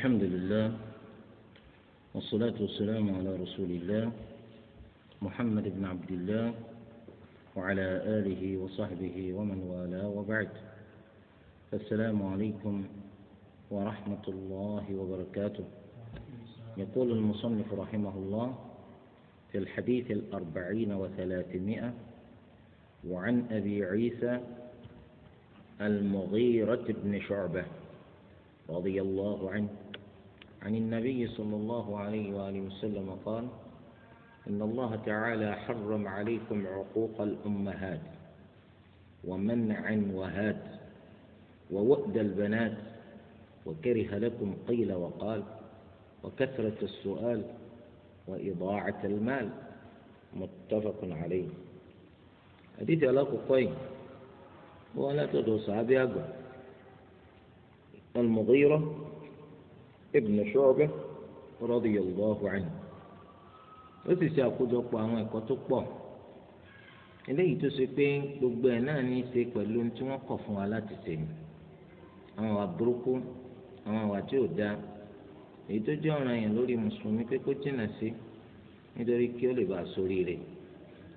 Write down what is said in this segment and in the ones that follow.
الحمد لله والصلاة والسلام على رسول الله محمد بن عبد الله وعلى آله وصحبه ومن والاه وبعد السلام عليكم ورحمة الله وبركاته يقول المصنف رحمه الله في الحديث الأربعين وثلاثمائة وعن أبي عيسى المغيرة بن شعبة رضي الله عنه عن النبي صلى الله عليه وآله وسلم قال إن الله تعالى حرم عليكم عقوق الأمهات ومنع وهات ووأد البنات وكره لكم قيل وقال وكثرة السؤال وإضاعة المال متفق عليه حديث علاقة قوي ولا تدعو صحابي أقوى المغيرة ابن شعبة رضي الله عنه. sì ṣe àkójọpọ̀ àwọn ẹ̀kọ́ tó pọ̀ eléyìí tó ṣe pé gbogbo ẹ̀ náà ní í ṣe pẹ̀lú ohun tí wọ́n kọ̀ fún wa láti ṣe ni àwọn àwà burúkú àwọn àwà tí ò dáa èyí tó jẹ́ ọ̀ràn yẹn lórí mùsùlùmí pé kó jìnnà sí nítorí kí ó lè bá a sórí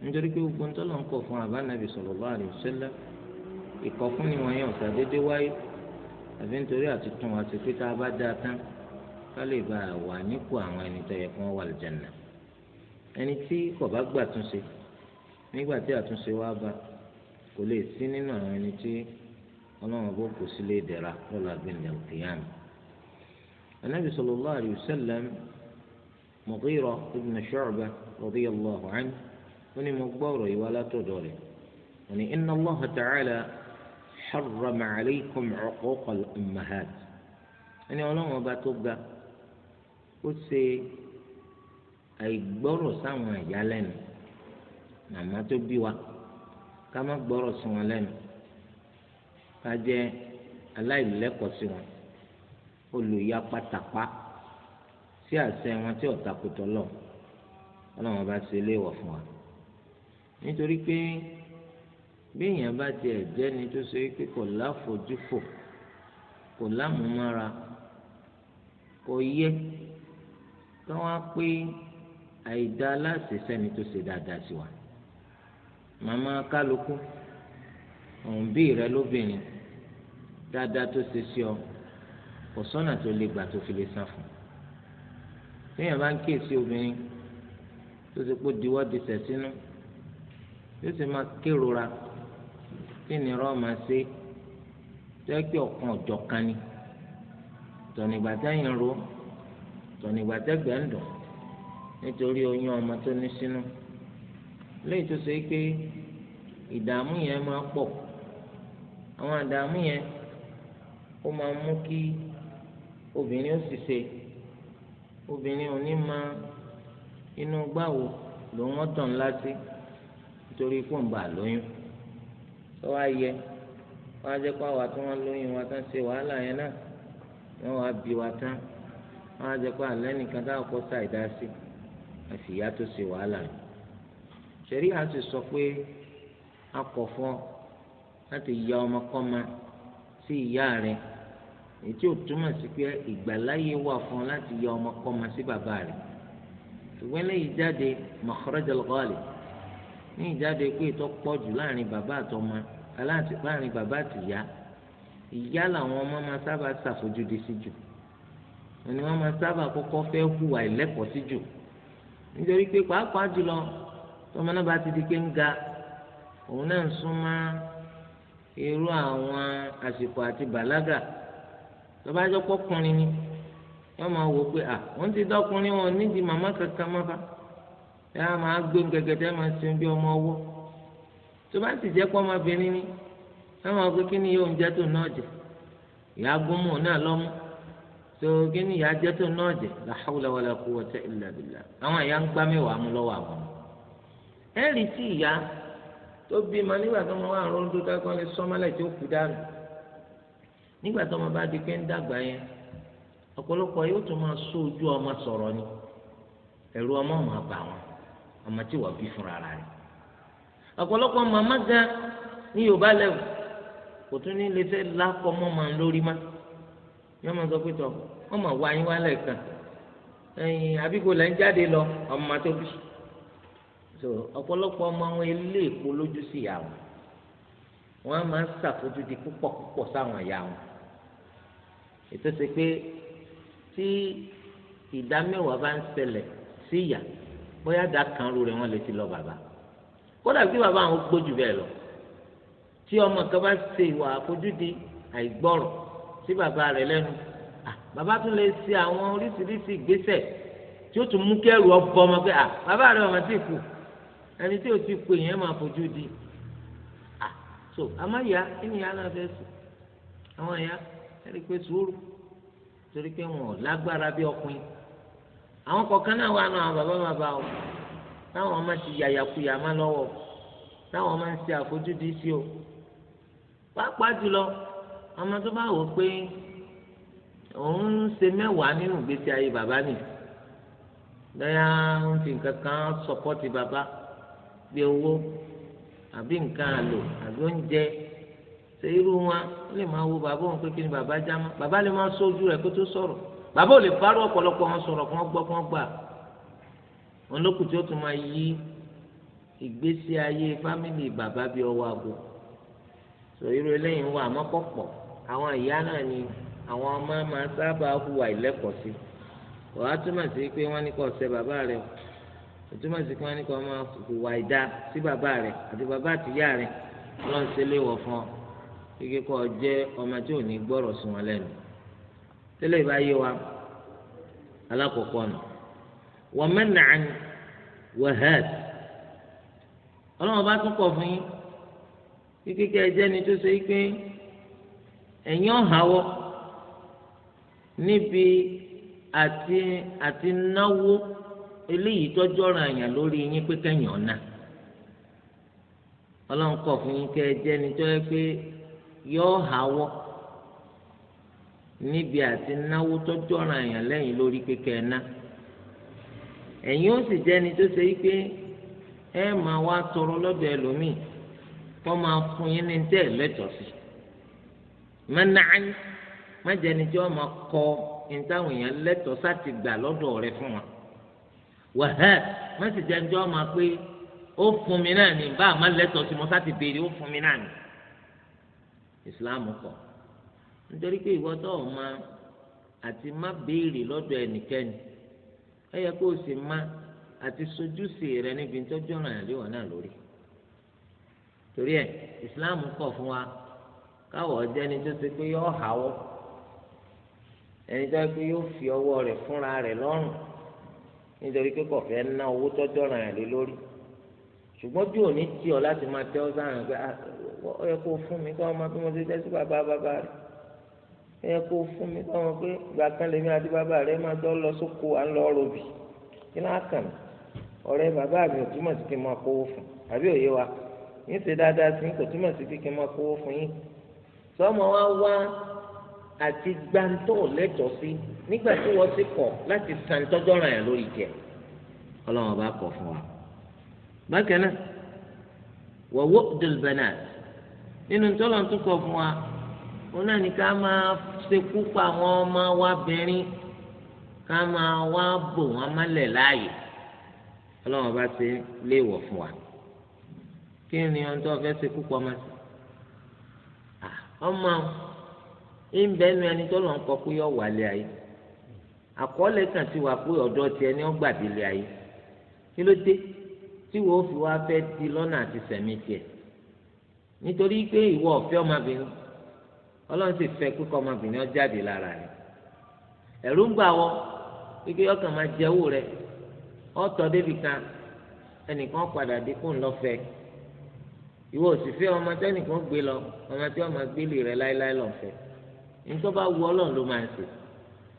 nítorí pé gbogbo ohun tó kọ̀ fún àbánabi sallallahu alaihi wasallam ìkọ̀fúnni wọn yẹn ọ̀sà déédéé wáyé àbí nítorí àti tún wa tán kálí bá a wà nípò àwọn ẹni tó yẹ kó wọ́n wà lìjànà ẹni tí kò bá gbà tún túnṣe nígbà tí àtúnṣe wá bá kò lè sí nínú àwọn ẹni tí ọlọ́run bó kò sí lè dẹ̀ra lọ́la gbẹ̀ndẹ̀ òkèèyàn anabi sallallahu alayhi wa sallam Mughira ibn Shu'bah radiyallahu anhu ó ní mo gbọ́ ọ̀rọ̀ yìí wá látọ̀dọ̀ rẹ̀ wọ́n ní inna Allah ta'ala harrama alaykum ọkọ̀ ọmọ ummahat ẹni ọlọ́run ọba tó ga. ó ṣe àìgbọ́rọ̀ sáwọn ìyá lẹ́nu màmá tó bí wa ká má gbọ́rọ̀ sí wọn lẹ́nu ká jẹ́ aláìlẹ́kọ̀ọ́ sí wọn olùyá pátápá sí àṣẹ wọn tí ọ̀tá kò tọ́ lọ ọlọ́run bá ṣe léèwọ̀ fún wa nítorí pé bí èèyàn bá tiẹ̀ jẹ́ni tó ṣe pé kò láfojúfò kò lámúmára kò yẹ tó wá pé àìdá aláṣẹ sẹ́ni tó ṣe dáadáa sí wa màmá kálukú òun bí rẹ lóbìnrin dáadáa tó ṣe sí ọ kò sọ́nà tó lè gbà tó fi lè san fún téèyàn bá ń kíyèsí obìnrin tó ti kó diwọ́ di sẹ̀sínú yóò sì máa kérora tí nìrọ̀ máa ṣe jẹ́ pé ọ̀kan ọ̀jọ̀ kan ni tọ̀nìgbà tẹ́yìn ro tọ̀nìgbà tẹ́gbẹ̀ẹ́ ń dùn nítorí oyún ọmọ tó ní sínú léyìí tó ṣe pé ìdààmú yẹn máa pọ̀ àwọn àdààmú yẹn ó máa mú kí obìnrin ó sì ṣe obìnrin ò ní máa inú gbáwo ló wọ́n tàn láti nítorí fóònù àlóyún tó wá yẹ wọ́n á jẹ́ pé àwa tí wọ́n lóyún wa tán ṣe wàhálà yẹn náà wọ́n wá bí wa tán wọn á jẹ pé àlẹ́ nìkan táwọn kọ́ sá ìdá sí àfìyá tó ṣe wàhálà ni ṣẹ̀rí à ń sì sọ pé a kọ̀ fún ọ láti ya ọmọkọ́mọ sí ìyá rẹ ètí ò túmọ̀ sí pé ìgbàláyé wà fún ọ láti ya ọmọkọ́mọ sí bàbá rẹ ṣùgbọ́n lẹ́yìn jáde makhrajal ní ìjáde pé ìtọ́ pọ̀ láàrin bàbá àtọmọ aláàtì láàrin bàbá àtìyá ìyá làwọn ọmọ máa sábà ṣàfojúdi sí jù. Si ni wọ́n máa sábà kọ́kọ́ fẹ́ hùwà ìlẹ́kọ̀ọ́ sí jù nítorí pé pàápàá jùlọ tọmọ náà bá ti di pé ń ga òun náà ń súnmọ́ irú àwọn àsìkò àti bàlágà tọba jọ pọkùnrin ni yọọ máa wò pé à wọ́n ti dọkùnrin wọn nídìí màmá kankan má fa yà á máa gbé gẹgẹdẹ máa sin bí ọmọ ọwọ́ tó sì jẹ́ pé ọmọbìnrin ni yọọ máa pé kí ni yóò ń jẹ tó náà jẹ ìyá gbọmọ náà lọmọ tó kíni ìyá jẹ́ tó náà jẹ́ la hawla wala quwwata illa billah àwọn ìyá ń gbá mẹ́wàá mú lọ́wọ́ àwọn ọmọ ẹ rí sí ìyá tó bímọ nígbà tó wọn wà rún tó dákọ́ ní sọ́mọ́lẹ̀ tó kú dànù nígbà tó wọn bá di pé ń dàgbà yẹn ọ̀pọ̀lọpọ̀ yóò tún máa sọ ojú ọmọ sọ̀rọ̀ ni ẹ̀rù ọmọ máa bà wọn ọmọ tí wọ́n bí fúnra rẹ̀ ọ̀pọ̀lọpọ̀ màmá gan ní Yorùbá lẹ́wọ̀ kò tún ní lè fẹ́ lákọ́ mọ́ màá lórí máa yọọ máa sọ pé tọ wọn máa wá yín wá lẹ́ẹ̀kan ẹ̀yin àbíkó lẹ ń jáde lọ ọmọ tó so ọ̀pọ̀lọpọ̀ ọmọ wọn ilé èpo lójú sí ìyá wọn wọn máa ń ṣàfojúdi púpọ̀ púpọ̀ sáwọn ìyá wọn ètò ṣe pé tí ìdá mẹ́wàá bá ń ṣẹlẹ̀ sí ìyá bóyá dá kan ru rẹ̀ wọ́n lè ti lọ bàbá kódà bí bàbá àwọn gbójú bẹ́ẹ̀ lọ tí ọmọ kan bá ṣe ìwà àfojúdi àìgbọ́rọ̀ sí bàbá rẹ̀ lẹ́nu bàbá tún lè ṣe àwọn oríṣiríṣi ìgbésẹ̀ tí ó tún mú kẹrù ọbọ ọmọ pé bàbá rẹ̀ ọmọ tí kù ẹni tí ò ti pè yẹn máa fojú di so àmọ́ ìyá ẹni ìyá náà fẹ́ sùn àwọn ìyá ẹni pé sùúrù torí pé wọn ò lágbára bí ọkùnrin àwọn kọ̀ọ̀kan náà wà nù àwọn bàbá bàbá o táwọn ọmọ ti yàyàkuyà má lọ́wọ́ táwọn ọmọ ń ṣe àfojúdi sí o pàápàá jùlọ ọmọ tó bá wò ó pé òun ń ṣe mẹ́wàá nínú ìgbésí ayé bàbá nì lọ́yà ń fi nǹkan kan sọpọ́tì bàbá bí owó àbí nǹkan àlò àbí oúnjẹ ṣe irú wọn ó lè máa wo bàbá òun pé kí ni bàbá já mọ́ bàbá lè máa sójú rẹ̀ kó tó sọ̀rọ̀ bàbá ò lè bárò ọ̀pọ̀lọpọ̀ wọn sọ̀rọ̀ kí wọ́n gbọ́ kí wọ́n gbà wọn lókùn tí ó tún máa yí ìgbésí ayé fámìlì bàbá bí ọwọ́ àbò sọ irú eléyìí ń wà mọ́kọ̀pọ̀ àwọn ìyá náà ni àwọn ọmọ máa sábà hùwà ìlẹ́kọ̀ọ́ sí wọ́n á túmọ̀ sí pé wọ́n ní kó ṣe bàbá rẹ̀ o túmọ̀ sí pé wọ́n ní kó máa hùwà ìdá sí bàbá rẹ̀ àti bàbá àtìyá rẹ̀ ọlọ́run ṣe léwọ̀ fún ọ ọ jẹ́ ọmọ tí ò ní gbọ́rọ̀ sí wọn lẹ́nu tẹ́lẹ̀ bá yé wa alákọ̀ọ́kọ́ nù wọ́n bá tún fún yín kíkẹ́ kẹ́ ẹ tó ẹ̀yin ọ̀hánwọ́ níbi àti àti náwó eléyìí tọ́jọ́ ra àyàn lórí yín pé kẹ́yìn ọ̀nà ọlọ́run kọ̀ fún yín kẹ́ ẹ jẹ́ ni pé yọ ọ̀hánwọ́ níbi àti náwó tọ́jọ́ ra àyàn lẹ́yìn lórí pé kẹ́ ẹ ná tọrọ lọ́dọ̀ ẹlòmíì kọ́ máa fún yín ní ma mẹ́jẹni tí wọ́n ma kọ ìtàwọn èèyàn lẹtọ sáti gbà lọdọ rẹ fún wọn wàhẹ́ mẹ́sìjẹni tí wọ́n ma pé ó fún mi náà ní bá àmọ́ lẹ́tọ̀ọ́ sí mo sáti béèrè ó fún mi náà ní ìsìláàmù kọ́ nítorí pé ìwọ tó àti má béèrè ẹ yẹ kó o sì má àti sojúṣe rẹ níbi tọ́jú náà lórí torí ẹ fún wa. káwọ̀ jẹ́ni tó ṣe pé yọ hàwọ́ ẹni tó ṣe pé yóò fi ọwọ́ rẹ̀ fúnra rẹ̀ lọ́rùn nítorí pé kò fẹ́ ná owó tọ́jọ́ ràn yàn lé lórí ṣùgbọ́n bí òní tí ọ láti máa tẹ́ ọ sáàrùn pé ọ ah, yẹ kó fún mi kọ́ ọmọ bí mo ṣe jẹ́ sí bàbá bàbá rẹ̀ ẹ yẹ kó fún mi kọ́ ọmọ pé ìgbà kan lèmi àti bàbá rẹ̀ máa jọ lọ sóko à ń lọ rọ̀bì kí náà kàn ọ̀rẹ́ bàbá mi ò túmọ̀ sí kí n máa kówó fún àbí òye wa yín ṣe dáadáa sí kò túmọ̀ sí kí n máa kówó fún yín sọmọ wa wá àti gbàǹtọ̀ lẹ́tọ̀ọ́ sí nígbà tí wọ́n ti kọ̀ láti san tọ́jọ́ràn yẹn lórí jẹ ọlọ́run bá kọ̀ fún wa. bákan náà wọ́wọ́ dùlbẹ̀nà nínú tọ́lọ̀ tó kọ̀ fún wa òun náà ní ká máa ṣekú pa àwọn ọmọ wa bẹ̀rín ká máa wá bò wọ́n mọ́lẹ̀ láàyè ọlọ́run bá ti léèwọ̀ fún wa kí ni ohun tó fẹ́ ṣekú pa ọmọ sí. ọmọ ń bẹ ya ẹni tó lọ kọ pé wà lé ayé àkọọ́lẹ̀ kan ti wà pé ọ̀dọ́ tiẹ̀ ni ọ gbàdé lé ayé kí ló dé tí wọ́n fi wá fẹ́ di lọ́nà àti sẹ̀mí tiẹ̀ nítorí pé ìwọ ọmọbìnrin sì ọmọbìnrin ọ jáde lára rẹ̀ ń gbà wọ pé ọkàn ìwọ ò sì fẹ́ ọmọ tẹ́nìkan gbé lọ ọmọ tí ọmọ gbélé rẹ láéláé lọ fẹ́ nítorí bá wù ọlọ́run ló máa ń ṣe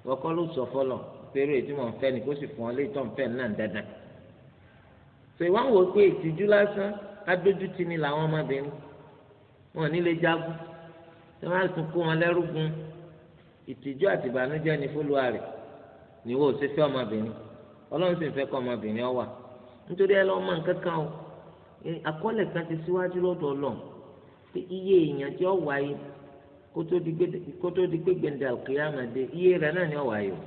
wọ́kọ́ ló sọ fọlọ́ pẹ̀lú ètí mọ̀ fẹ́ ni kó sì fún ọ lé tọ́ fẹ́ náà dandan ṣe wọ́n wò pé ìtìjú lásán adójútì ni làwọn ọmọbìnrin wọn ò ní lè jagun tí wọ́n á tún kó wọn lẹ́rúgun ìtìjú àti ìbànújẹ́ ni fúlùwà rẹ̀ níwọ̀ ò sì fẹ́ ọmọbìnrin ọlọ́run sì ń fẹ́ ọmọbìnrin ọ nítorí ẹ lọ́ọ́ mọ nǹkan kan o àkọọ́lẹ̀ kan ti síwájú lọ́dọ̀ Ọlọ́run pé iye èèyàn tí ó wáyé kó tó di pé gbẹ̀ndà àlùkìyámà dé iye rẹ̀ náà ni ó wáyé o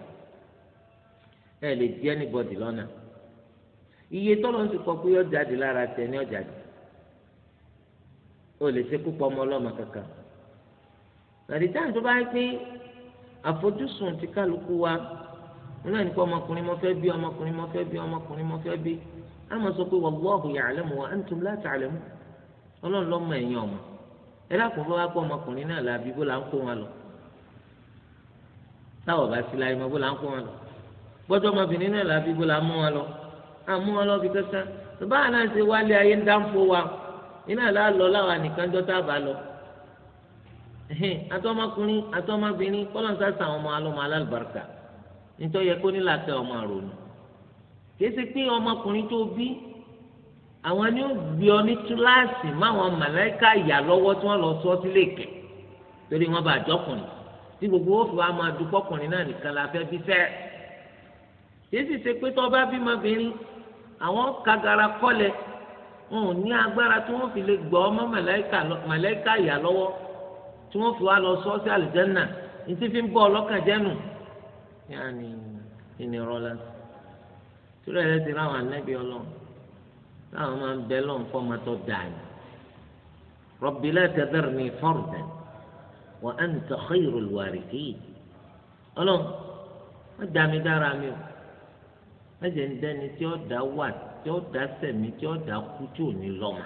ẹ lè di anybody lọ́nà iye tọ́lọ́ ń ti kọ pé ọ̀jáde lára tẹ̀ ní ọ̀jáde o lè ṣe púpọ̀ ọmọ ọlọ́mọ kankan àdìtàn tó bá yẹ pé àfojúsùn ti kálukú wa náà ní pé ọmọkùnrin mo fẹ́ bí ọmọkùnrin mo fẹ́ bí ọmọkùnrin mo fẹ́ bí àmọ́ sọ pé wallahu ya'lamu wa antum la ta'lamun ọlọ́run lọ́mọ ẹ̀yìn ọ̀mọ́ ẹ dákun bá wá pọ̀ ọmọkùnrin náà làbí bó la ń kó wọn lọ táwọn bá sí láyé mọ́ bó la ń kó wọn lọ gbọ́dọ̀ ọmọbìnrin náà làbí bó la mú wọn lọ àmú wọn lọ bí kẹsàn báwa náà ṣe wálé ayé ń dáńfó wa iná làálọ láwa nìkan jọ táàbà lọ àtọmọkùnrin àtọmọbìnrin kọlọ́nsá sàn ọmọ alọ́mọ kìí ṣe pé ọmọkùnrin tó bí àwọn ni ó gbé ọ ní túláàsì máwọn màláìka ìyà lọ́wọ́ tí wọ́n lọ sọ sílé kẹ̀ torí wọ́n bá àjọkùnrin tí gbogbo ó fi wá máa dúpọ́kùnrin náà nìkan la fẹ́ bí fẹ́ kìí sì ṣe pé tó bá bímọbìnrin àwọn kagara kọ́lẹ̀ wọn ò ní agbára tí wọ́n fi lè gbọ́ ọmọ màláìka ìyà lọ́wọ́ tí wọ́n fi wá lọ sọ sí àlùjànnà ní tí fi ń bọ́ ọlọ́kàn jẹ́nu yáà ní ìnirọ́lá sí torí ẹ̀ lẹ́sìn ráwọn anábì ọlọ́run táwọn máa ń bẹ lọ́n fọ́ máa tọ́ dàní rabbi la tadharni fardan wa anta khayrul warithin ọlọ́run wọ́n dá mi dára mi o wọ́n jẹ́ ń dẹ́ni tí ó dá wà tí ó dá sẹ̀mí tí ó dá kú tí ò ní lọ́mọ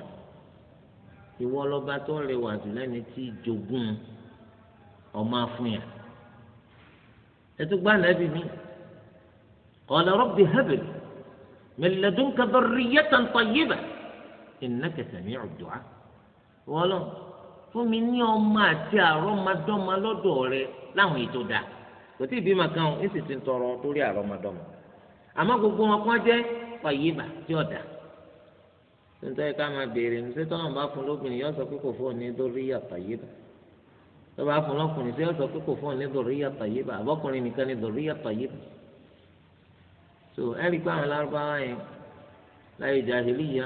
ìwọ lọ́ba tó rẹwà jù lẹ́ni tí jogún ọmọ afúnyà ẹtùgbà nàbì mi qala rabbi habli. من لدنك ذرية طيبة إنك سميع الدعاء ولو fún mi ní ọmọ àti àrọmọdọ́mọ lọ́dọ̀ rẹ láwọn ètò dà kò tí ì bímọ kan ó sì ti ń tọrọ lórí àrọmọdọ́mọ àmọ́ gbogbo wọn kàn jẹ́ pàyébà tí ọdà tuntun yìí ká máa béèrè níṣẹ́ tó wọn bá fún lóbìnrin yóò sọ pé kò fóun ní lórí yàtọ̀ yébà tó bá fún lọkùnrin yóò sọ pé kò fóun ní lórí yàtọ̀ yébà àbọkùnrin nìkan ní lórí yàtọ̀ yébà so ẹ̀rí pé àwọn lárúbáwá yẹn láyé jàhílíyà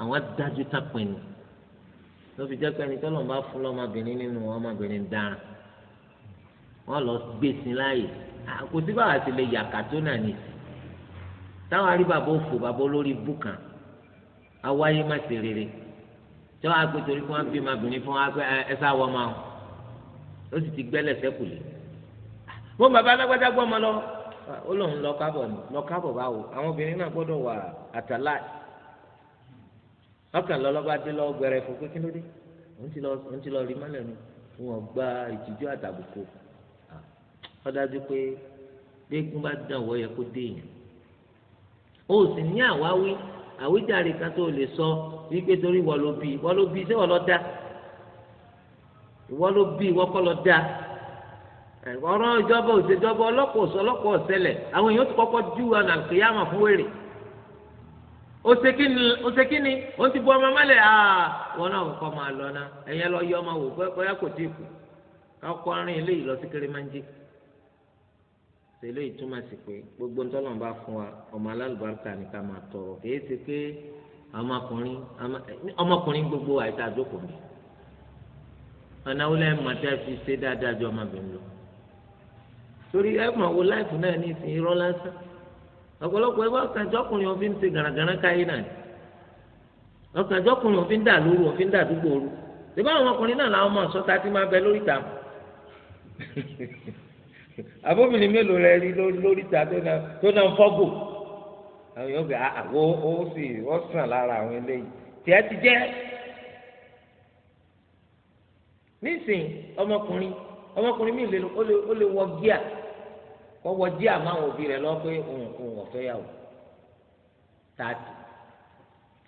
àwọn dájú tápẹ́ni ló fi jẹ́ pé ẹni tọ́lọ̀ bá fún lọ́mọbìnrin nínú ọmọbìnrin dára wọ́n lọ gbèsè láàyè kò sí báwa ti lè yàkà tó nà ní sí táwọn arí bàbá òfò bàbá olórí bùkàn awáyé má ṣe rere tí wọ́n á gbé torí kí wọ́n bí ọmọbìnrin fún wọn ẹ sá wọ́n máa ó sì ti gbẹ́lẹ̀ sẹ́kùlé wọ́n bàbá alágbádá gbọ́ ọmọ lọ́wọ́ ó lóun lọ kábọ̀ ni lọ kábọ̀ báwo àwọn obìnrin náà gbọ́dọ̀ wà àtàlá ọkàn lọ́lọ́ba dé lọ́wọ́ gbẹrẹ fún pé kí ló dé òun ti lọ rí mọ́lẹ̀ nu wọn gba ìtìjú àtàbùkù ó dájú pé gbẹ́gun bá dán ọ̀wọ́ yẹ kó dé yẹn ó sì ní àwáwí àwíjàre kan tó lè sọ wípé torí wọ́n ló bí wọ́n ló bí ṣé wọ́n lọ dá ìwọ́n ló bí ìwọ́n kọ́ lọ dá ọ̀rọ̀ ìjọba òṣèjọba ọlọ́pàá òṣè ọlọ́pàá ọ̀sẹ̀lẹ̀ àwọn èèyàn ti kọ́kọ́ jú ọ̀nà àkèyàmọ̀ fún wèrè òṣèkínni ó ti bu ọmọ mọ́lẹ̀ àà wọn náà kọ́ máa lọ ná ẹ̀yẹ lọ yọ ọmọ wò bóyá kò tí ì kù káwọ́ rìn eléyìí lọ sí kérémánjì eléyìí túmọ̀ sí pé gbogbo ntọ́nà bá fún wa ọmọ alálùbáríkà ni ká máa tọrọ kìí ṣe pé ọmọkùnrin ọmọkùnrin gbogbo àìsàn àjókòó mi ọ̀nà wọlé mọ̀tẹ́ fi ṣe dáadáa ju ọmọbìnrin lọ. torí ẹ mọ̀ wo láìpù náà ní ìsìn irọ́ lásán ọ̀pọ̀lọpọ̀ ẹ bá ọ̀kànjọ́kùnrin òfin ṣe gàràgàrà káyé náà ni ọ̀kànjọ́kùnrin òfin dà lóru òfin dà dúgbò ooru ṣùgbọ́n àwọn ọkùnrin náà làwọn ọmọ ọ̀ṣọ́ta ti máa bẹ lóríta mu abómìnir mélòó rẹ rí lóríta tó náà fọ́gò àwọn yóò gbé àwo ah, ah, ó sì wọ́n sàn lára àwọn ti jẹ́ nísìnyí ọmọkùnrin ọmọkùnrin mi lè wọ gíà kọwọ dí àmọ́ àwọn òbí rẹ̀ lọ pé òun òun ọ̀fẹ́ yà wò thirty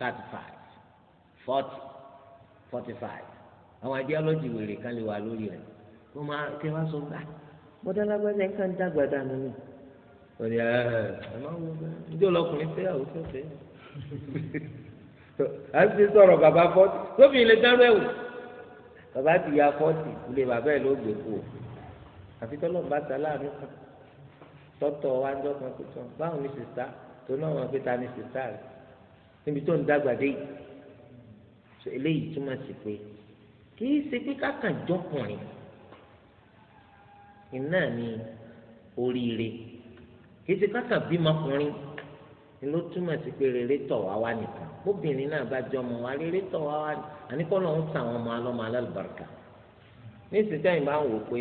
thirty five forty forty five àwọn ideology wèrè kan lè wà lórí rẹ̀ kó máa kí wọn sọ gbà bọ́dá ah, lágbájá ń kàn dàgbà dànù ni. òní eh, ẹ ẹ máa wọ bẹ́ẹ̀ ǹjẹ́ ọlọkùnrin fẹ́ àwọn fẹ́ fẹ́ à ń ṣe sọ̀rọ̀ bàbá fọ́tì tóbi ilé dáró ẹ̀wò bàbá ti ya fọ́tì ilé bàbá ẹ̀ ló gbé kú àfi tọ́lọ́ bá ta láàánú kan lọ́tọ̀ wa ń jọ́ kan pé tán báwo ni sìsá tó náà wọn pé ta ni sìsá rẹ̀ níbi tó ń dàgbà dé eléyìí túmọ̀ sí pé kì í ṣe pé kákan jọkùnrin iná ni oríire kì í ṣe kákan bímọkùnrin ló túmọ̀ sí pé rere tọ̀ wá wá nìkan bóbìnrin náà bá jọmọ wá rere tọ̀ wá wá àníkọ́ lọ́hún sàwọn ọmọ alọ́mọ alálùbáríkà ní ìsìtẹ́yìn bá ń wò pé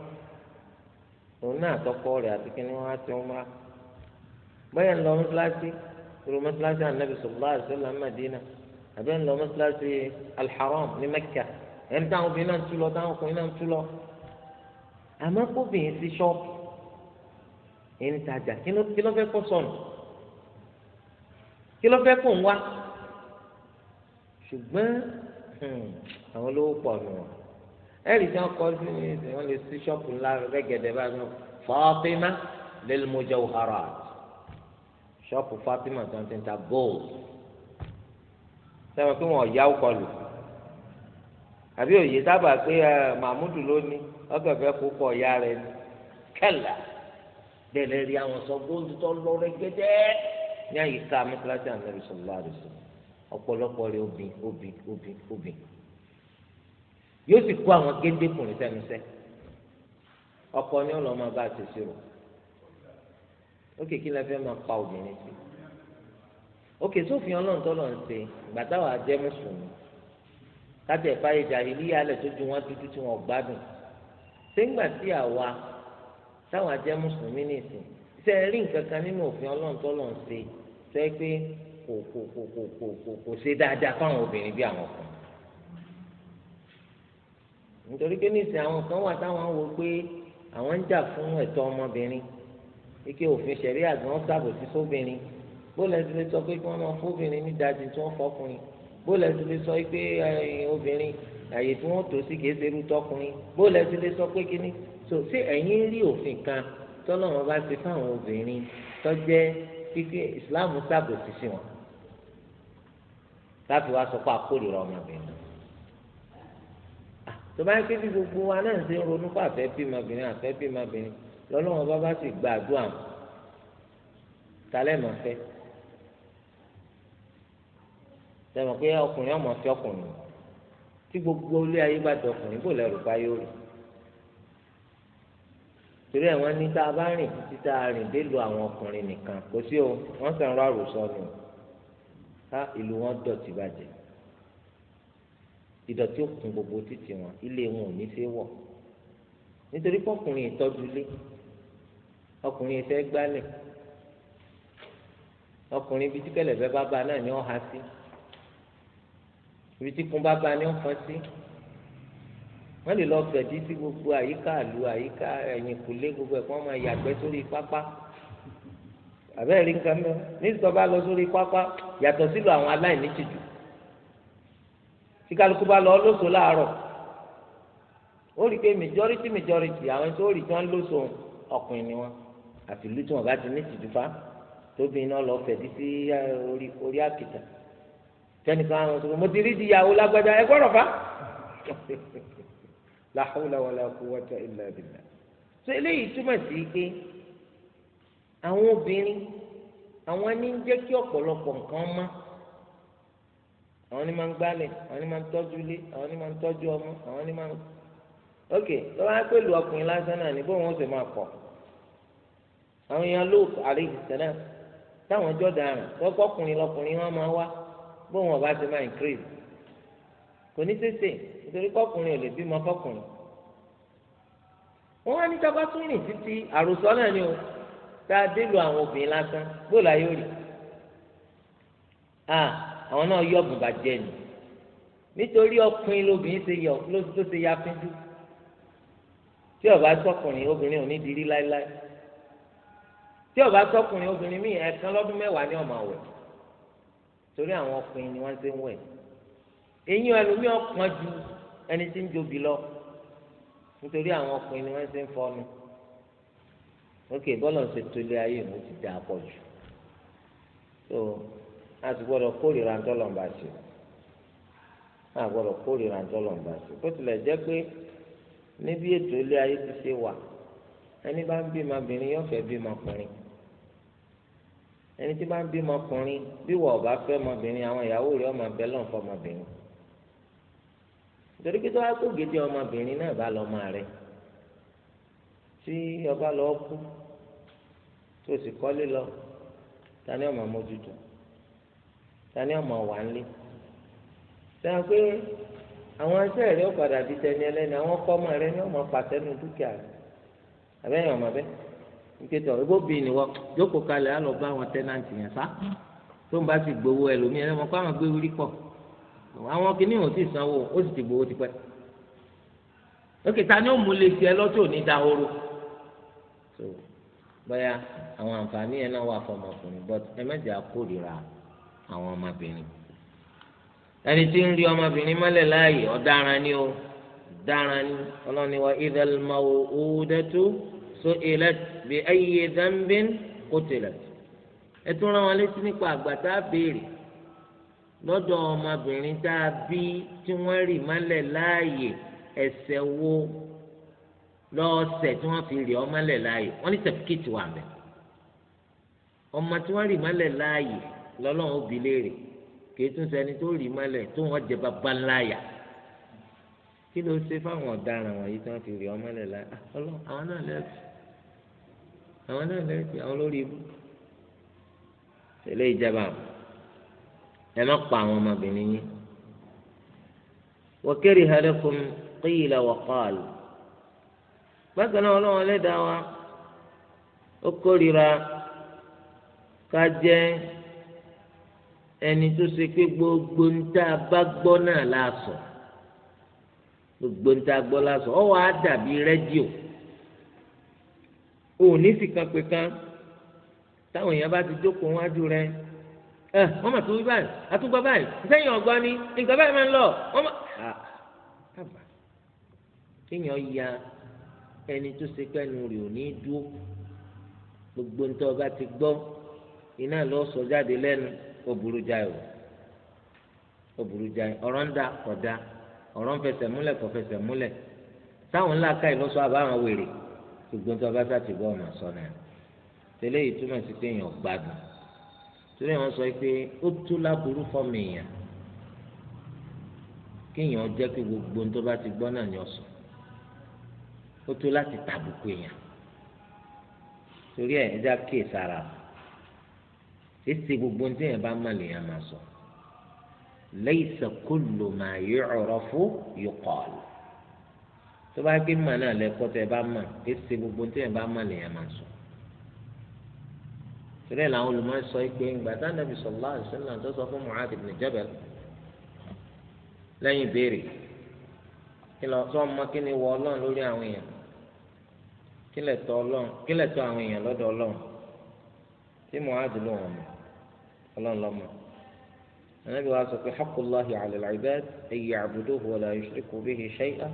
òun náà tọkọ rẹ̀ àti kíni wọn á ti wọn múra bẹ́ẹ̀ ń lọ mọ́sálásí irú mọ́sálásí anabi sallallahu alaihi wasallam Madina àbẹ́ ń lọ mọ́sálásí alḥaram ní Mẹ́kà ẹni táwọn obìnrin náà ń tú lọ táwọn ọkùnrin náà ń tú lọ kóbìnrin sí ṣọ́ọ̀bù ẹni tajà kí ló fẹ́ kó sọnù kí ló fẹ́ kó ń wá ṣùgbọ́n hmm, àwọn olówó pọ̀ nù wọn ẹ̀rí tí wọ́n kọ́ sí ní wọ́n lè sí ṣọ́ọ̀pù ńlá rẹ́gẹ̀dẹ̀ báyìí Fatima lil mujawharat ṣọ́ọ̀pù Fatima tó ń ti ta gold sẹ́wọ̀n pé wọ́n yáwó kọlù àbí òye sábà pé Mahmood lónìí ọkọ̀ fẹ́ kó kọ ọ̀ya rẹ̀ ni kẹ́là bẹ́ẹ̀ lè rí àwọn sọ góòlù tó lọ rẹ́gẹ́dẹ́ ní àyíká mẹ́tíláṣí àmì ẹ̀rí sọ̀rọ̀ láàrin sọ̀rọ̀ obìn obìn obìn obìn yóò sì kó àwọn géńdékùnrin sẹ́nusẹ́ ọkọ ni ó lọ máa bá àṣìṣe rò ókè kí lẹ fẹ́ máa pa obìnrin sí ókè sófin ọlọ́run tó lọ ń ṣe ìgbà táwọn ajẹ́ mùsùlùmí kájà ìfáyé jàre níyàlẹ̀ tó ju wọn dúdú tí wọn gbádùn sẹ́ńgbà tí àwa táwọn ajẹ́ mùsùlùmí nìsín ṣe rí nǹkan kan nínú òfin ọlọ́run tó lọ ń ṣe sọ pé kò kò kò kò kò kò ṣe dáadáa fáwọn obìnrin bí àwọn ọkùnrin nítorí pé ní ìsìn àwọn kan wà táwọn wò pé àwọn ń jà fún ẹ̀tọ́ ọmọbìnrin ike òfin ṣẹ̀rí àgbọn ṣàbòsí sóbìnrin bóòlù ẹ̀sìn lè sọ pé kí wọ́n máa fóbìnrin ní ìdajì tí wọ́n fọkùnrin bóòlù ẹ̀sìn lè sọ pé obìnrin àyè tí wọ́n tò sí kìí ṣe irú tọkùnrin bóòlù ẹ̀sìn lè sọ pé kíní so ṣé ẹ̀yin rí òfin kan tọ́lọ́wọ́n bá ti fáwọn obìnrin tọ́jẹ́ kíkẹ́ ìsìláàmù ṣàbòsí sí wọn láti wá sọ pé àkórìíra ọmọbìnrin tó bá ń ké bí gbogbo wa náà ń ṣe ń ronú fún àfẹ́ bímọ obìnrin àfẹ́ bímọ obìnrin lọ́lọ́wọ́n bá bá sì gba àdúrà mọ́ talẹ́ mọ̀ fẹ́ sẹ́wọ̀n pé ọkùnrin ọmọ fẹ́ ọkùnrin tí gbogbo ilé ayé bá jọ ọkùnrin kò lẹ́rù bá yóò rí torí ẹ̀ wọ́n ní tá a bá rìn títí rìn dé àwọn ọkùnrin nìkan kò sí o wọ́n sàn rọ àròsọ ni o ká ìlú wọn dọ̀tí bàjẹ́ ìdọ̀tí òkun gbogbo títì wọn ilé wọn ò ní fẹ́ wọ̀ nítorí pọ́kùnrin ìtọ́jú lé ọkùnrin ìfẹ́ gbálẹ̀ ọkùnrin ibi tí kẹlẹ̀fẹ́ bá ba náà ni ó há sí ibi tí kún bá ba ni ó fọ́n sí wọ́n lè lọ gbẹ̀dí sí gbogbo àyíká àlù àyíká ẹ̀yìnkùlé gbogbo ẹ̀kọ́ máa yàgbẹ́ sórí pápá àbẹ́rẹ́ nǹkan mẹ́wàá nígbà tó bá lọ sórí pápá yàtọ̀ sílò àwọn aláìní tìjú tí kálukú bá lọ lóso láàárọ̀ ó rí i pé majority majority àwọn tó rí tí wọ́n lóso ọkùnrin ni wọ́n àti ìlú tí wọ́n bá ti ní tìjúfá tóbi iná lọ fẹ̀dí sí orí àkìtà tẹnìkan àwọn ọ̀sọ̀rọ̀ mo ti rí di ìyàwó lágbájá ẹ gbọ́dọ̀ fa la hawla wala quwwata illa billah so eléyìí túmọ̀ sí pé àwọn obìnrin àwọn ní ń jẹ́ kí ọ̀pọ̀lọpọ̀ nǹkan máa àwọn ni máa ń gbálẹ̀ àwọn ni máa ń tọ́jú ilé àwọn ni máa ń tọ́jú ọmọ àwọn ni máa ń ok tó bá pè lu ọkùnrin lásán náà ní bóun ó sì máa pọ̀ àwọn èèyàn ló àrí ìsẹ̀nà táwọn jọ dàrán tọ́kọ́ ọkùnrin lọkùnrin wọn máa wá bóun ọba ti máa increase kò ní sèse nítorí kọkùnrin ò lè bímọ fọkùnrin wọn wá ní tọ́kọ́ tún rìn títí àròsọ náà ni o tá a dé lu àwọn obìnrin lásán gbọ́dọ̀ ayé ò rí àwọn náà yọ ọ̀gùn bàjẹ́ ni nítorí ọkùnrin lóbìnrin ṣe yọ lóṣù tó ṣe ya pínjú tí ó bá sọkùnrin obìnrin ò ní dirí láéláé tí ó bá sọkùnrin obìnrin míì ẹ̀ẹ̀kan lọ́dún mẹ́wàá ní ọmọ àwẹ̀ torí àwọn ọkùnrin ni wọ́n ṣe ń wẹ̀ eyín ẹlòmíì ọ̀pọ̀n ju ẹni tí ń jobi lọ nítorí àwọn ọkùnrin ni wọ́n ṣe ń fọnu ókè bọ́lọ̀ ṣe tolé ayé mi ti dà pọ̀ jù so láti gbọ́dọ̀ kórìíra ń tọ́lọ̀ ń bá ṣe náà gbọ́dọ̀ kórìíra ń tọ́lọ̀ ń bá ṣe bó tilẹ̀ jẹ́ pé níbi ètò ilé ayé ti ṣe wà ẹni bá ń bímọ obìnrin yóò fẹ́ bímọ ọkùnrin ẹni tí bá ń bímọ ọkùnrin bí wọ́n ọba fẹ́ ọmọbìnrin àwọn ìyàwó rẹ̀ ọmọ abẹ́ lọ́n fọ́ ọmọbìnrin torí pé tó wá kó gidi ọmọbìnrin náà bá lọ́mọ rẹ̀ tí ọba lọ́ọ́ kú tó sì kọ́lé lọ ta ọmọ mójútó tani ọmọ wà nílé sẹ́yìn pé àwọn ẹsẹ̀ rẹ̀ ó padà di tẹni ẹlẹ́ni àwọn ọkọ ọmọ rẹ̀ ni ọmọ pàṣẹ nu dúkìá rẹ̀ àbẹ́yẹn ọmọ bẹ́ẹ̀ nkẹtọ ebó bí niwọ jókòó kalẹ̀ alọ bá àwọn tẹnanti yẹn sá tó ń bá ti gbowó ẹlòmíì ẹlẹmọ kó àwọn gbé orí pọ̀ àwọn kìnìún ò sì sanwó ó sì ti gbowó tipẹ́ ókè ta ni ó mú létí ẹ lọ́tọ̀ ní dahoro so àwọn àǹfààní yẹn náà wà fọmọkùnrin but ẹ mẹjẹ àkórira àwọn ọmọbìnrin ẹni tí ń rí ọmọbìnrin mọ́lẹ̀ láàyè ọ̀daràn ni o ọ̀daràn ni ọlọ́ni wa idhal maw'udatu su'ilat bi ayyi dhanbin qutilat ẹ tún rán wọn létí nípa àgbàtà béèrè lọ́dọ̀ ọmọbìnrin tá a bí tí wọ́n rí mọ́lẹ̀ láàyè ẹ̀ṣẹ̀ wo lọ́ọ̀sẹ̀ tí wọ́n fi rí ọmọlẹ̀ láàyè wọ́n ní sẹ̀fíkìtì wà mẹ́ ọmọ tí wọ́n rí mọ́lẹ̀ láàyè lọ́lọ́run òbí léèrè kì í tún sẹni tó rí mọ́lẹ̀ tó wọ́n jẹ bàbá ńlá yà kí ló ṣe fáwọn ọ̀daràn wọ̀nyí tí wọ́n fi rí ọmọ lẹ̀ láyà ah, àwọn náà lẹ́ẹ̀fì àwọn náà lẹ́ẹ̀fì àwọn lórí ibú tẹ̀lé ìjẹba ẹ má pa àwọn ọmọbìnrin yín wa kariha lakum qila wa qala bákan náà ọlọ́run ẹlẹ́dàá wa ó kórìíra ká jẹ́ ẹni tó ṣe pé gbogbo ń tá a bá gbọ́ náà la sọ gbogbo ń tá a gbọ́ la sọ ọ dàbí rédíò òní sì kan pé kan táwọn èèyàn bá ti jókòó wájú rẹ ẹ wọn mà tún wí báyìí àtúgbà báyìí sẹ́yìn ọgbà ni nǹkan báyìí máa ń lọ wọn mà kábà kéèyàn ya ẹni tó ṣe pé ẹnu rẹ̀ ò ní dúró gbogbo ń tọ́ ti gbọ́ iná lọ sọ jáde lẹ́nu ó burú jáì o ó burú jáì ọ̀rọ̀ ń da kò da ọ̀rọ̀ ń fẹsẹ̀ múlẹ̀ kò fẹsẹ̀ múlẹ̀ táwọn ńlá ká ìlọsọ àbáwọn wèrè gbogbo tó bá sàtì bọ́ ọ̀nà sọ náà tẹ́lẹ̀ yìí túmọ̀ sí pé èèyàn gbádùn torí wọn sọ pé ó tó láburú fọmọ èèyàn kéèyàn jẹ́ pé gbogbo tó bá ti gbọ́ náà ni ọ̀sùn ó tó láti tàbùkù èèyàn torí ẹ̀ ẹ já kíyèsára o èsì gbogbo ní tẹ̀yìn bá má lèèyàn máa sọ laysa kullu ma yu'rafu yuqal tó bá gbé mà náà lẹ́kọ́ tẹ̀ bá mà èsì gbogbo ní tẹ̀yìn bá má lèèyàn máa sọ tẹ́lẹ̀ làwọn olùmọ̀ sọ pé ìgbà tá nàbì sallallahu alaihi wasallam tó sọ fún Mu'adh ibn Jabal lẹ́yìn ìbéèrè kí lọ sọ ọmọ kí ni wọ Ọlọ́run lórí àwọn èèyàn kí lẹ̀ àwọn èèyàn lọ́dọ̀ Ọlọ́run tí Mu'adh lò wọ́n mọ̀ الله اللهم النبي قال حق الله على العباد أن يعبدوه ولا يشركوا به شيئا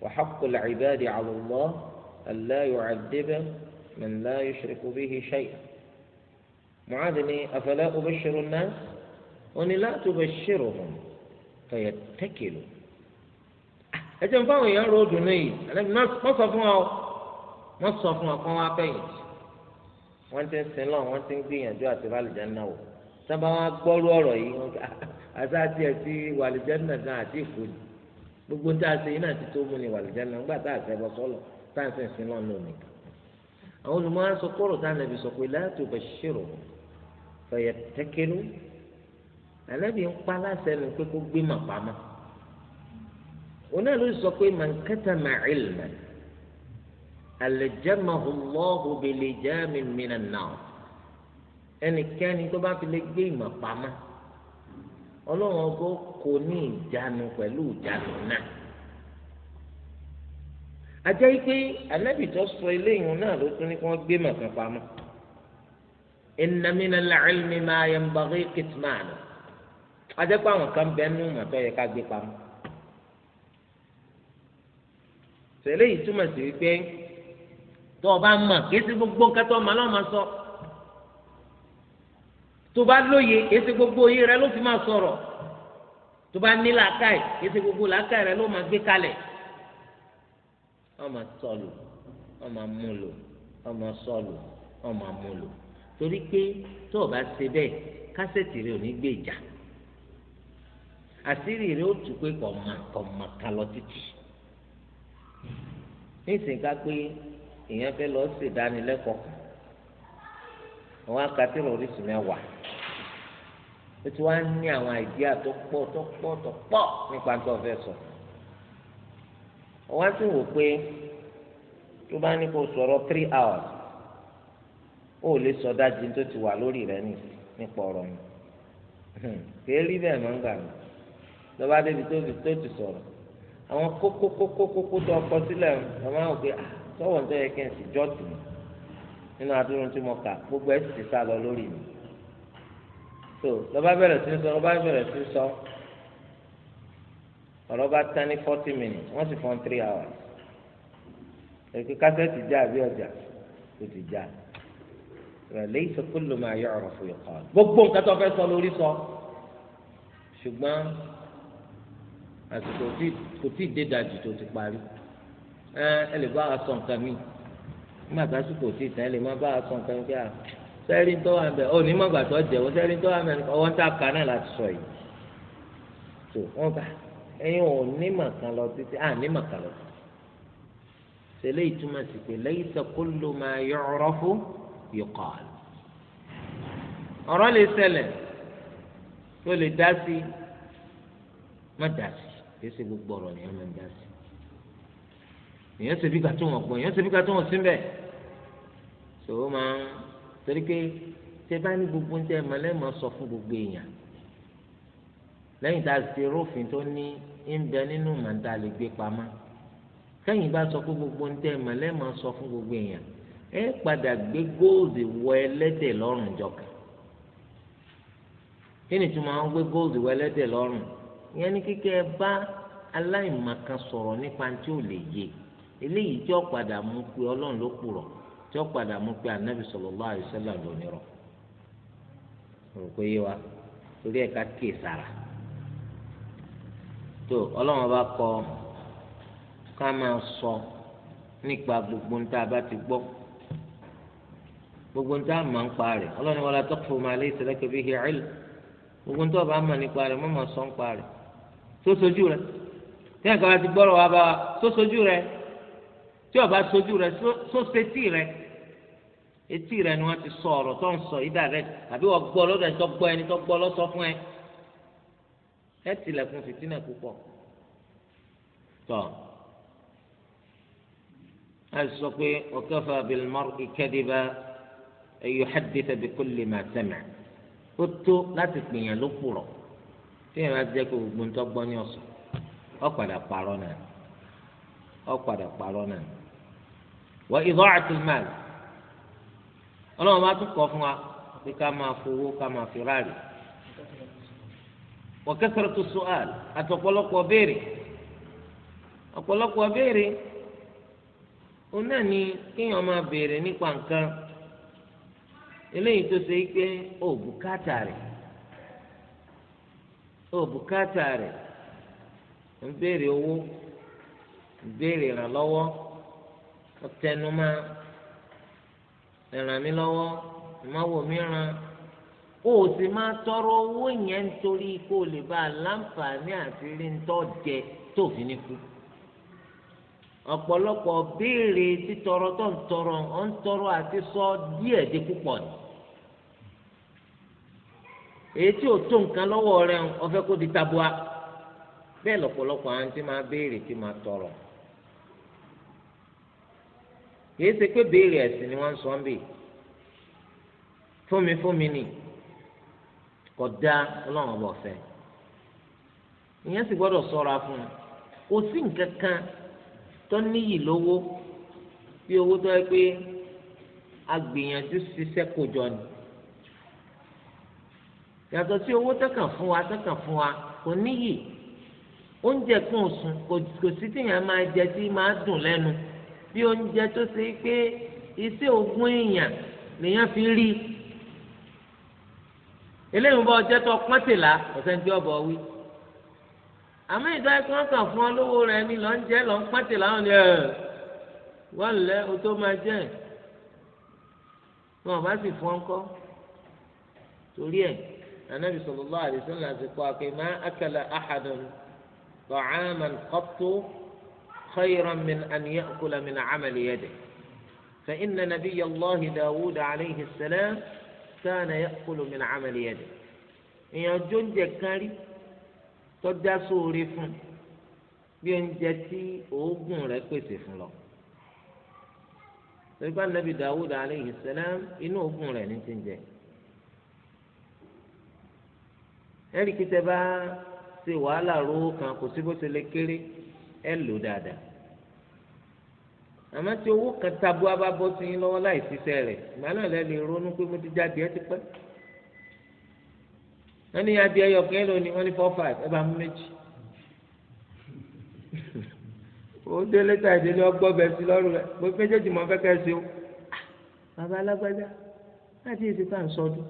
وحق العباد على الله أن لا يعذب من لا يشرك به شيئا معاذني أفلا أبشر الناس وني لا تبشرهم فيتكلوا أجل فهو يردني الناس ما صفوا ما صفوا قوا بيت وانت سنلا وانت نبيا جاءت بالجنة وانت sábà wọn gbọ́rú ọ̀rọ̀ yìí wọn ká àṣà àti ẹ̀sí wàlìjẹ́nà gan àti ìfòyì gbogbo tá a ṣe yìí náà ti tó mú ni wàlìjẹ́nà ńgbà tá a ṣe bọ́ sọ́lọ̀ tá a ṣe ń sin lọ́nà òní. àwọn olùmọ̀ á sọ kọ́rọ̀ tá a nàbì sọ pé láti ò bẹ̀ ṣèrò fẹ̀yẹ̀ tẹ́kẹ́lú ànábì ń pa láṣẹ nu pé kó gbé mà pamọ́. òun ló sọ pé mànkẹ́tà mà ìlmẹ̀ àlẹ́jẹ́mà ẹnikẹ́ni tó bá fi lè gbé ìmọ̀ pamọ́ ọlọ́run ọgọ́ kò ní ìjánu pẹ̀lú ìjánu náà ajẹ́ pé anábì tó sọ eléyìí náà ló tún ní kí wọ́n gbé màkàn pamọ́ inna minal ilmi ma yanbaghi kitmanu ajẹ́ pé àwọn kan bẹ́ẹ̀ nù màtọ́ yẹ ká gbé pamọ́ tẹ̀lé yìí túmọ̀ sí wípé tó o bá mọ̀ kí sí gbogbo kẹtọ́ ọmọ náà máa sọ. So tó bá lóye èsì gbogbo oyè rẹ ló fi máa sọ̀rọ̀ tó bá ní làákàyè èsì gbogbo làákàyè rẹ ló máa gbé kalẹ̀ wọ́n máa sọ̀lù wọ́n máa múlò wọ́n máa sọ̀lù wọ́n máa múlò torí pé tó o bá ṣe bẹ́ẹ̀ kásẹ̀tì rẹ ò ní gbé ìjà àṣírí rẹ ó tù pé kọ̀ọ̀mà kọ̀ọ̀mà kan lọ títì nísìnyí ká pé èèyàn fẹ́ lọ ṣèdánilẹ́kọ̀ọ́ kan àwọn akatẹ́rọ̀ orísun mẹ́wàá ó ti wá ní àwọn àìdíà tó pọ̀ tó pọ̀ tó pọ̀ nípa tó fẹ́ sọ wọ́n á sì wò pé tó bá ní kó sọ̀rọ̀ three hours ó lè sọ dájú tó ti wà lórí rẹ̀ nípa ọ̀rọ̀ mi hmm, kìí rí bẹ́ẹ̀ máa ń gbà mí lọ́ba débi tó ti tó ti sọ̀rọ̀ àwọn kókó kókó kókó tó ọkọ sílẹ̀ ọ̀ máa wò pé ah, sọ̀wọ́n tó yẹ kí n sì jọ́ọ̀tì mi nínú adúrún tí mo kà gbogbo ẹ̀ sì ti sá lọ lórí mi so lọ́ba bẹ̀rẹ̀ sí sọ lọ́ba bẹ̀rẹ̀ sí sọ ọ̀rọ̀ bá tán ní forty minutes wọ́n sì fọ́n three hours èké kásẹ̀tì já àbí ọjà kò ti já rẹ̀lẹ́ ìsọkú ló máa yọ ọ̀rọ̀ fún ìkọ́ gbogbo nǹkan tó fẹ́ sọ lórí sọ ṣùgbọ́n àsìkò kò tí ì dé dajì tó ti parí ẹ ẹ lè bá a sọ nǹkan mi nígbà tásìkò tí ì tán ẹ lè má bá a sọ nǹkan mi kí a sẹ́rí tó wà bẹ́ẹ̀ ọ onímọ̀ gbà tó jẹ́ wọ́n sẹ́rí tó wà bẹ́ẹ̀ ọwọ́ tá a kà náà láti sọ yìí tó wọ́n gbà ẹ̀yin ò nímọ̀ kan lọ títí à nímọ̀ kan lọ títí sẹ́lẹ̀ ìtumọ̀ sí pé lẹ́yìn sẹ́kúlù máa yọ ọ̀rọ̀ fún yọkọ̀ ọ̀rọ̀ lè ṣẹlẹ̀ tó lè dá sí má dá sí kí ẹsẹ̀ gbogbo ọ̀rọ̀ ni ẹ máa dá sí èèyàn ṣe bí ká tó wọn gbọ́ èèyàn ṣe bí ká tó wọn sí bẹ́ẹ̀ torí pé tẹ bá ní gbogbo ń tẹ ma sọ fún gbogbo èèyàn lẹ́yìn tá a ti rófin tó ní ń bẹ nínú màdá lè gbé pamọ́ sẹ́yìn bá sọ pé gbogbo ń sọ fún gbogbo èèyàn ẹ padà gbé góòlù wọ ẹlẹ́dẹ̀ lọ́rùn jọkà kí ni gbé wọ ẹlẹ́dẹ̀ lọ́rùn ìyẹn ní kíkẹ́ ẹ bá aláìmọ̀kan sọ̀rọ̀ nípa ò lè yé eléyìí tí padà mú pé tí ó padà mú pé anabi sallallahu alaihi wasallam rò pé yé wa torí ẹ̀ka kéè sára tó ọlọ́run bá kọ ká máa sọ nípa gbogbo ti gbọ́ gbogbo máa ń ọlọ́run ma laysa laka bihi ilm gbogbo níta bá máa nípa rẹ̀ mọ́ máa sọ ń pa tó sojú tí ti tó sojú tí ọba sojú etí rẹ ni wọn ti sọ ọ̀rọ̀ tó ń sọ yìí dàrẹ àbí wọn gbọ́ lọ́dọ̀ ẹni tó gbọ́ ẹni tó gbọ́ lọsọ fún ẹ ẹ tilẹ̀kùn fìtínà púpọ̀ tọ ẹ sọ pé ọkẹfà abilmọr ìkẹdìbà ẹyọ hadith abikulli ma ó tó láti pèèyàn ló kúrọ tí yẹn bá jẹ kó gbogbo ń tọgbọ ní ọsọ ọ padà parọ́ náà ọ padà parọ́ náà wọ ìdọ́ àti máàlì. ọlọ́run bá tún kọ́ fún wa pé ká máa fowó ká máa fi ráàlì wọ́kẹ́sọ̀rọ̀ tó so àl àti ọ̀pọ̀lọpọ̀ béèrè ọ̀pọ̀lọpọ̀ béèrè òun náà ni kéèyàn máa béèrè nípa nǹkan eléyìí tó ṣe pé rẹ̀ rẹ̀ ń béèrè owó ń béèrè ìrànlọ́wọ́ ọ̀tẹnumá ẹ ràn lọ́wọ́ ìmọ̀wò mìíràn kó o sì máa tọrọ owó yẹn nítorí kó o lè bá a láǹfààní àti rí ntọ́ jẹ tó fi ní kú ọ̀pọ̀lọpọ̀ béèrè títọrọ tó ń tọrọ ọ̀ ń tọrọ àti sọ díẹ̀ di púpọ̀ ni èyí tí o tó nǹkan lọ́wọ́ rẹ tabua bẹ́ẹ̀ máa béèrè tí tọrọ. kìí ṣe pé béèrè ẹ̀sìn ni wọ́n ń sọ ń bè fún mi fún mi nì kò dáa ọlọ́run ọba ọ̀fẹ́ ìyẹn sì gbọ́dọ̀ sọ́ra fún un kò sí nǹkan kan tó níyì lówó bí owó tó yẹ pé agbìyànjú ṣiṣẹ́ kò jọ ni yàtọ̀ sí owó tẹ́kàn fún wa tẹ́kàn fún wa kò níyì oúnjẹ kan sùn kò sí tíyàn máa jẹ tí máa dùn lẹ́nu bí oúnjẹ tó ṣe pé iṣẹ́ ogún èèyàn lèèyàn fi rí eléyìí bá ọjọ́ tó pọ́ntìlá ọ̀sẹ̀ ń bí ọ̀bọ̀ wí àmọ́ ìdá ẹ̀kọ́ wọn kàn fún ọ lówó rẹ ni lọ́n jẹ́ lọ́n pọ́ntìlá wọn ni ẹ̀ wọ́n lẹ́ o tó máa jẹ́ wọn bá sì fún ọ kọ́ torí ẹ̀ anabi sallallahu alaihi àti kọ́ àkè má akala ahadan ta'aman qattu. خيرا من أن يأكل من عمل يده فإن نبي الله داود عليه السلام كان يأكل من عمل يده èèyàn jó oúnjẹ kan rí tọ́já sóore fún bí oúnjẹ tí òógùn rẹ̀ pèsè fún lọ. sọ́jọ́ anábì dawud aleyhi sẹ́lẹ̀m inú òógùn rẹ̀ ní ti ń jẹ. ẹ̀rí kìtẹ́ bá ṣe wàhálà rówó kan kò sí bó ṣe lè kéré. ẹ lò dáadáa àmọ́ tí owó kan tabu abá bọ́ sí yín lọ́wọ́ láì ṣiṣẹ́ rẹ̀ ìgbà náà lè ronú pé mo ti jáde ẹ ti pẹ́ wọ́n ní adìẹ wọ́n ní four five ẹ bá mú méjì ó dé létà ìdílé ọgbọ́n sí lọ́rùn rẹ̀ méjèèjì fẹ́ kẹ́ ṣe o ah, bàbá alágbájá láti èsì tá ń sọdún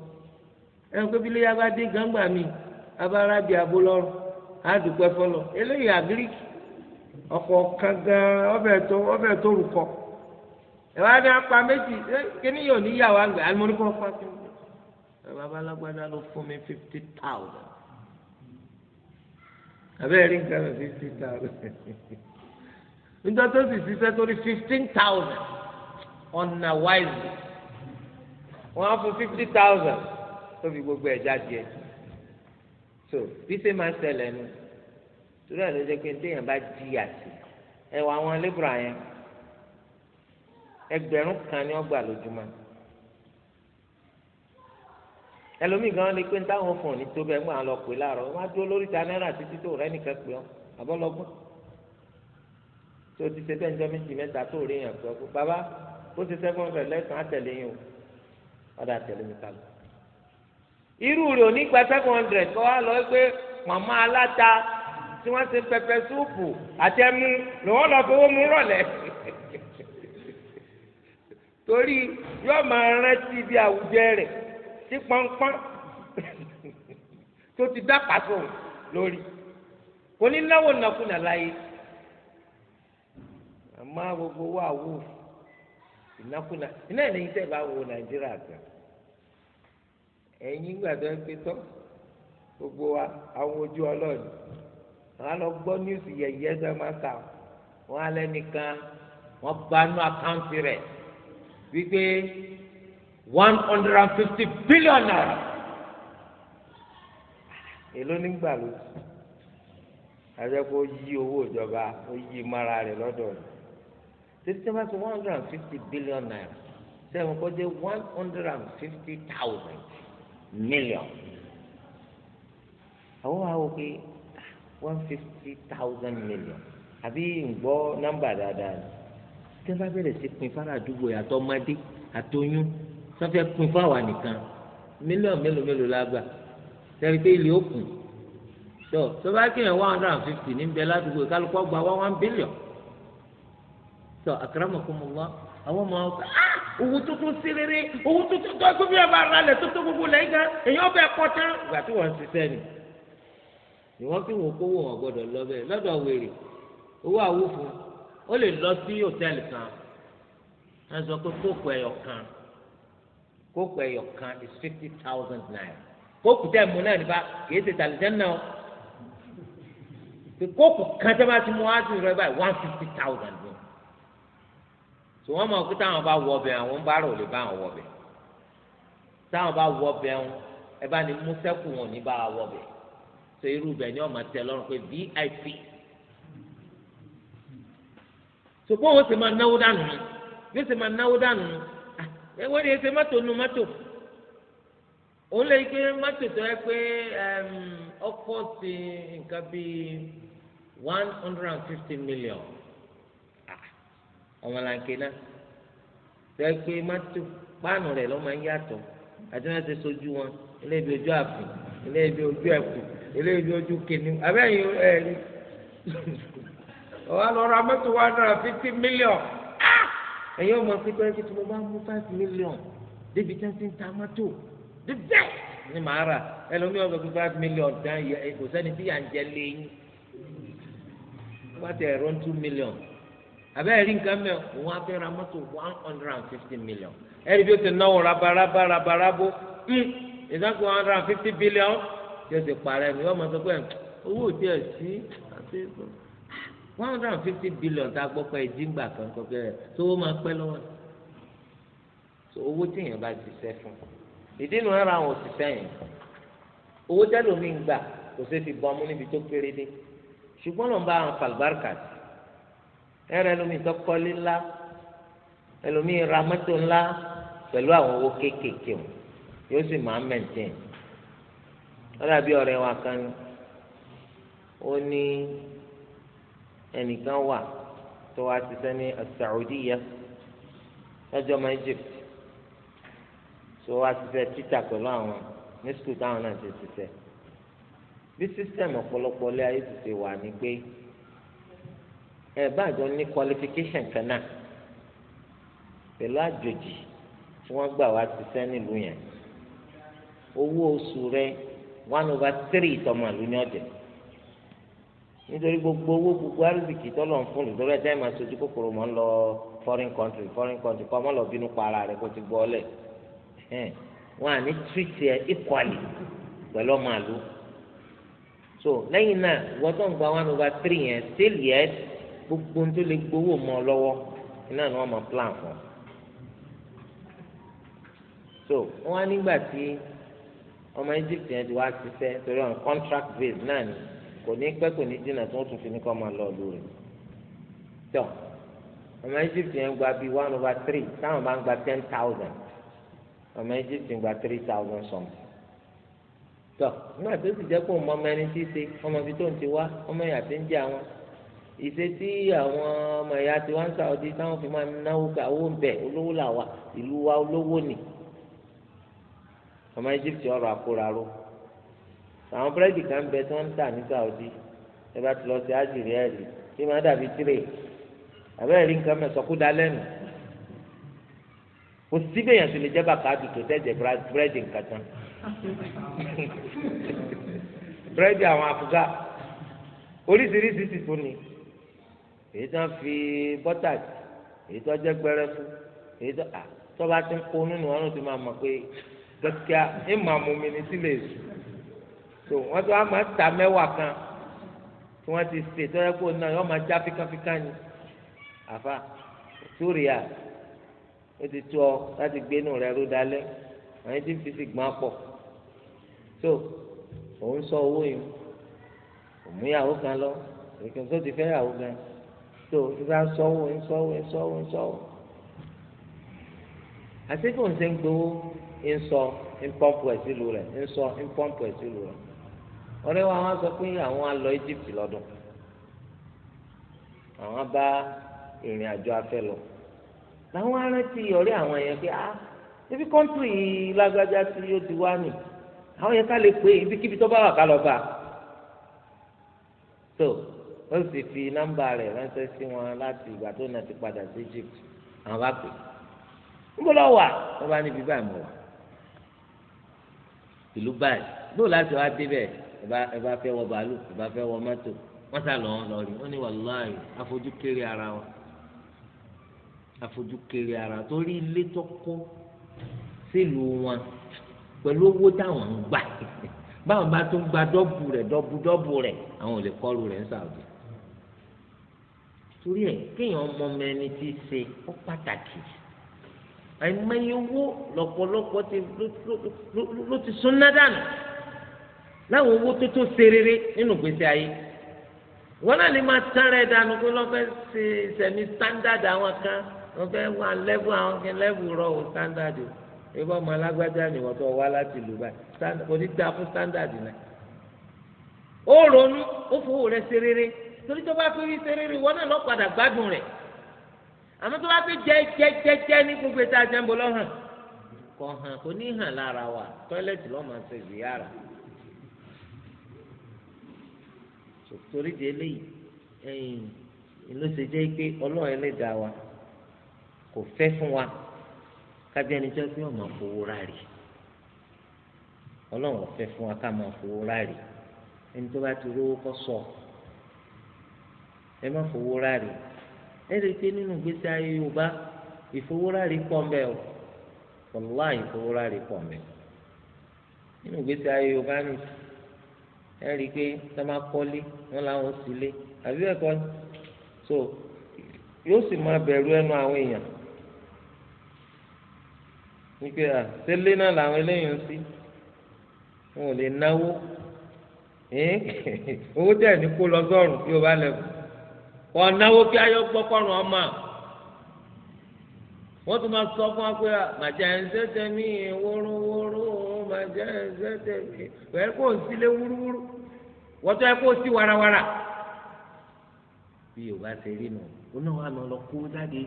dé mi abára bíi abó lọ́rùn á dùpẹ́ eléyìí àgíríkì ọkọ̀ kan gan ọbẹ̀ tó ọbẹ̀ tó rúkọ ìwà ni apá méjì kíní yóò níyàwó àgbẹ̀ alimọ́nìkọ́ pàṣẹ bàbá alágbádá ló fún mi fifty thousand abẹ́rẹ́ rí nǹkan mi fifty thousand níjọ́ tó sì ṣiṣẹ́ torí fifteen thousand ọ̀nà wáìlì wọ́n á fún fifty thousand tó fi gbogbo ẹ̀ jáde ẹ̀ so bí ṣe máa ń ṣẹlẹ̀ nù torí ẹ̀ ló jẹ́ pé téèyàn bá jìyà sí ẹ wọ àwọn lébùrà yẹn ẹgbẹ̀rún kan ni wọ́n gbà lójúmọ́ ẹlòmíì gan lè pé táwọn fún òní tó bẹ́ẹ̀ mú àwọn lọ pè láàárọ̀ wọ́n á dúró lórí ta náírà títí tó rẹ́ nìkan pè ọ́ àbọ̀lọ́gbọ́n tó ti ṣe bẹ́ẹ̀ níjọ́ méjì mẹ́ta tó rí yàn pé ọ́ bàbá ó ti sẹ́gun rẹ̀ lẹ́sàn-án àtẹ̀lé yín o ọ̀dà àtẹ̀lé mi kálù irú rẹ̀ ò ní gba seven hundred kọ́ wá lọ pé màmá aláta tí wọ́n ṣe pẹpẹ súùpù àtẹmú lòun lọ fowó mu rọ̀lẹ́ torí yóò máa rántí bí àwùjọ rẹ̀ tí pọ́npọ́n tó ti dá pàṣọ lórí kò ní náwó nàkúnà láyé àmọ́ gbogbo owó àwò ìnákúnà iná ìlẹ́yìn tẹ̀ bá wo nàìjíríà gan ẹ̀yin gbàdọ̀ pé tọ́ gbogbo wa àwọn ojú ọlọ́ọ̀ni wọn á lọ gbọ́ níwùsì yẹyẹ sẹ máa kà wọn alẹ nìkan wọn bá àkáǹtì rẹ wípé one hundred and fifty billion naira èló nígbà ló ti àti kó yí owó ìjọba ó yí mara rẹ lọ́dọ̀ rẹ títí tí wọn sọ one hundred and fifty billion naira sẹ́wọ̀n kọ́ jẹ́ one hundred and fifty thousand million àwọn àwọn òkè one fifty thousand million àbí ǹgbọ́ nọ́mbà dáadáa ni tí wọ́n bá bẹ̀rẹ̀ sí pin fara àdúgbò yàtọ̀ ọmọdé àtọyún sọ́fẹ́ pin fáwa nìkan mílíọ̀nù mélòó mélòó la gbà tẹ̀lé pé ilé òkun tó tó bá kéèyàn one hundred and fifty níbẹ̀ ládùúgbò kálukọ́ gba wá one billion tó akramakumullah àwọn ọmọ ọkọ ah, owó tuntun sí rere owó tuntun tó ẹgbẹ́ bí ẹ bá ralẹ̀ tó tó gbogbo lẹ́yìn gan èèyàn ọbẹ̀ ẹ̀kọ́ tán ìgbà tí wọ́n ń ṣiṣẹ́ nìyí ni wọ́n fi wọ́n kówó wọn gbọ́dọ̀ lọ bẹ́ẹ̀ lọ́dọ̀ wèrè owó àwòfún ó lè lọ sí hòtẹ́ẹ̀lì kan wọ́n sọ pé kókò ẹ̀yọ̀ kan kókò ẹ̀yọ̀ kan is fifty thousand naira kókò tẹ́ ẹ̀ mú náà nípa kìí ṣe tàlẹ́jẹ́ náà kókò kan tẹ́ bá ti mú wá sí ìrọ̀ báyìí one fifty thousand ni tí wọ́n mọ̀ pé táwọn bá wọ ọbẹ̀ àwọn ń bá rò lè bá àwọn wọ ọbẹ̀ táwọn bá wọ ọbẹ̀ ẹ bá ní mú sẹ́kù wọn ní bá wọ ọbẹ̀ ṣe irú bẹ̀ ni ọmọ tẹ lọ́rùn pé vip ṣùgbọ́n wọ́n ti máa náwó dànù ni bí wọ́n ti máa náwó dànù ni ah, ẹ̀wọ́n ni ẹsẹ̀ mọ́tò nu mọ́tò òun lè gbé mọ́tò tó yẹ pé ọkọ̀ ehm, ti nǹkan bíi one hundred and fifty million ah, ọmọlanke náà tó yẹ pé mọ́tò páànù rẹ̀ ló máa ń yàtọ̀ àti wọ́n ti sojú wọn ilé ibi ojú àfihàn eléyìí bí ojú ẹkùn eléyìí bí ojú kìnnì abẹ́yìn ẹ̀rí ọ̀hán lọ ra mọ́tò wa náírà fifty million ah! ẹ̀yin ọmọ pípẹ́ kí tí mo bá mú five million débi tí wọ́n ti ń ta mọ́tò dídẹ́ ni màá rà ẹlòmíì ọ̀sán fún five million dán yẹ kò sẹ́ni tí yà ń jẹ wọ́n ti ẹ̀rọ two million abẹ́rẹ́ rí nǹkan mẹ́ wọ́n á fẹ́ ra mọ́tò one hundred and fifty million ẹ̀rí bí ó ti náwó rabarabarabarabo hmm ìdáko one hundred and fifty billion yóò ti parẹ́ mi wọ́n máa sọ pé owó òde ẹ̀sí àti one hundred and fifty billion tá a gbọ́ pé ìdíngbà kan kọ́ pé tówó máa pẹ́ lọ́wọ́ owó téèyàn bá ṣiṣẹ́ fún ìdí nu ara àwọn òṣìṣẹ́ yẹn owó tẹ́lómi ń gbà kò ṣeé fi bọ́ ọmú níbi tó kéré dé ṣùgbọ́n lọ́n bá àwọn falùbáríkà sí ẹ̀rọ ẹlòmíì tó kọ́lé ńlá ẹlòmíì ra mọ́tò ńlá pẹ̀lú àwọn owó kéékèèké wọn yóò sì máa mẹ̀ntẹ́n lọ́dà bí ọ̀rẹ́ wa kan ni ó ní ẹnìkan wà tó wá ṣiṣẹ́ ní Saudiya lọ́jọ́ ọmọ Egypt tó wá ṣiṣẹ́ títà pẹ̀lú àwọn ní skul táwọn náà ti ṣiṣẹ́ bí system ọ̀pọ̀lọpọ̀ ilé ayé ti ṣe wà ní pé ẹ báàjọ ní qualification kan náà pẹ̀lú àjòjì tí wọ́n gbà wá ṣiṣẹ́ nílùú yẹn owó oṣù rẹ one over three tọmọ ìlú ní ọ̀jẹ̀ nítorí gbogbo owó gbogbo arúgbìkì tọ́lọ̀ ń fún lù lórí ẹ̀jẹ̀ máa sojú kòkòrò mọ́ ń lọ foreign country foreign country kọ́ mọ́ lọ bínú pa ara rẹ̀ kó ti gbọ́ ọ́lẹ̀ wọn à ní treat ẹ equally pẹ̀lú ọmọ àlú so lẹ́yìn náà wọ́n tó ń gba one over three yẹn still yet gbogbo tó lè gbowó mọ́ ọ lọ́wọ́ iná ni wọ́n máa plan fún so wọ́n á nígbà tí ọmọ Egypt yẹn ti wá ṣiṣẹ́ torí ọ̀n contract base náà ni kò ní pẹ́ kò ní jìnnà tó ń tún fi ní kọ́ máa lọ lù rẹ̀ tọ́ ọmọ Egypt yẹn gba bíi one over three táwọn bá ń gba ten thousand ọmọ Egypt ń gba three thousand something tọ nígbà tó sì jẹ́ kó mọ ọmọ ẹni tí ṣe ọmọ ibi tó ń ti wá ọmọ ẹ̀yà tí ń jẹ àwọn ìṣe tí àwọn ọmọ ẹ̀yà tí wọ́n ń Saudi táwọn fi máa náwó ká owó ń bẹ̀ olówó làwà ìlú wa olówó nì ọmọ Egypt ọrọ̀ àkóraró àwọn búrẹ́dì kan bẹ tí wọ́n ń tà ní Saudi ẹ bá ti lọ sí ájìrì ẹ̀ rí kí máa dàbí tirè àbẹ́rẹ́ rí nǹkan mẹ́sàn kú da lẹ́nu kò síbẹ̀ yẹn tó lè jẹ́ bàkà àdùtò tẹ́jẹ̀ búrẹ́dì nǹkan tán búrẹ́dì àwọn àfúgà oríṣiríṣi ti tún ni èyí tó ń fi bọ́tà èyí tó jẹ́ gbẹrẹfu èyí tó tọ́ba ti ń kó nínú ọ̀run tó máa mọ̀ pé gaskiya ìmàmù mi ní sílẹ̀ èso so wọ́n tún á máa ta mẹ́wàá kan tí wọ́n ti sè tọ́jú pé náà yọ máa já fíkánfíkán ni àfa sóríà ó ti tó ọ láti gbénu rẹ ló dalẹ̀ àwọn tí ń fi sí gbọ́n pọ̀ so òun sọ owó yìí òmùyàwó kan lọ èkìtì tó ti fẹ́ yàwó gan so ìgbà sọ́wọ́ ń sọ́wọ́ ń sọ́wọ́ ń sọ́wọ́ àsìkò ń ṣe ń gbowó ń sọ ń pọ́ǹpù ẹ̀ sílùú rẹ̀ ń sọ ń pọ́ǹpù ẹ̀ sílùú rẹ̀ ọ̀rẹ́ wa wọ́n sọ pé àwọn á lọ Egypt lọ́dún àwọn bá ìrìn àjò afẹ́ lọ làwọn arántí ọ̀rẹ́ àwọn yẹn pé ah ibi kọ́ńtì lágbájá tí ó ti wá nì àwọn yẹn ká lè pé ibikíbi tó bá wà ká lọ bá tó ó sì fi nọ́mbà rẹ̀ ránṣẹ́ sí wọn láti ìgbà tó náà ti padà sí Egypt àwọn bá pè é ńgbọ́dọ̀ wà wọ́n bá níbi báyìí mọ̀ wá ìlú báyìí gbọ́dọ̀ láti wá débẹ̀ ẹ bá fẹ́ wọ bàálù ẹ bá fẹ́ wọ mọ́tò wọ́n sá lọ́wọ́ lọ rí wọ́n ní wàláì afojú kéré ara wa afojú kéré ara torí ilé tó kọ́ sílùú wọn pẹ̀lú owó táwọn ń gbà báwọn bá tún gba dọ́bù rẹ̀ dọ́bù dọ́bù rẹ̀ àwọn ò lè kọ́lu rẹ̀ ń sàbẹ̀ torí ẹ̀ kéèyàn mọ mẹ́ni tí í ṣe ó pàtàkì àìmọye owó ti ló ti súnná dànù láwọn owó tó tó ṣe nínú ìgbésí ayé wọn náà lè máa tẹ́rẹ̀ dànù pé wọ́n fẹ́ ṣe sẹ̀mí standard àwọn kan wọ́n wà àwọn kan o ebi ọmọ alágbájá ni wọ́n tó wá láti lù báyìí kò ní dáa fún O náà ó ronú ó fowó torí tó bá fi rí àmọ́ tó bá fi jẹ jẹ jẹ jẹ ní gbogbo ètò àjẹmbó lọ́hàn kò hàn kò ní hàn lára wa ṣe ziyara torí di eléyìí ṣe jẹ́ pé ọlọ́run ẹlẹ́dàá wa wa kábí ẹni ọmọ rárí ọlọ́run fún wa ká máa rárí ẹni tó ẹ̀rí pé nínú ìgbésí ayé yorùbá ìfowórárí pọ̀ mbẹ́ o wàlúwà ìfowórárí pọ̀ mbẹ́ nínú ìgbésí ayé yorùbá ni ẹ̀rí pé sábà kọ́lé wọn làwọn sì lé àbí ẹ̀kọ́ so yóò sì máa bẹ̀rù ẹnu àwọn èèyàn wípé à tẹ́lẹ̀ náà làwọn eléyìí ń sí wọn ò lè náwó owó tẹ̀ ní kó lọ sọ́run yóò bá lẹ́kọ̀ọ́ wọn náwó kí ayọ gbọkọrùn ọmọ wọn tún máa sọ fún wa pé màjá ẹsẹ tẹmí wórówóró màjá ẹsẹ tẹmí wẹ́ẹ́ kó n sílé wúrúwúrú wọ́n tún ẹ kó sí warawara bí yorùbá ṣe rí nù ó náà wà lọ kó jáde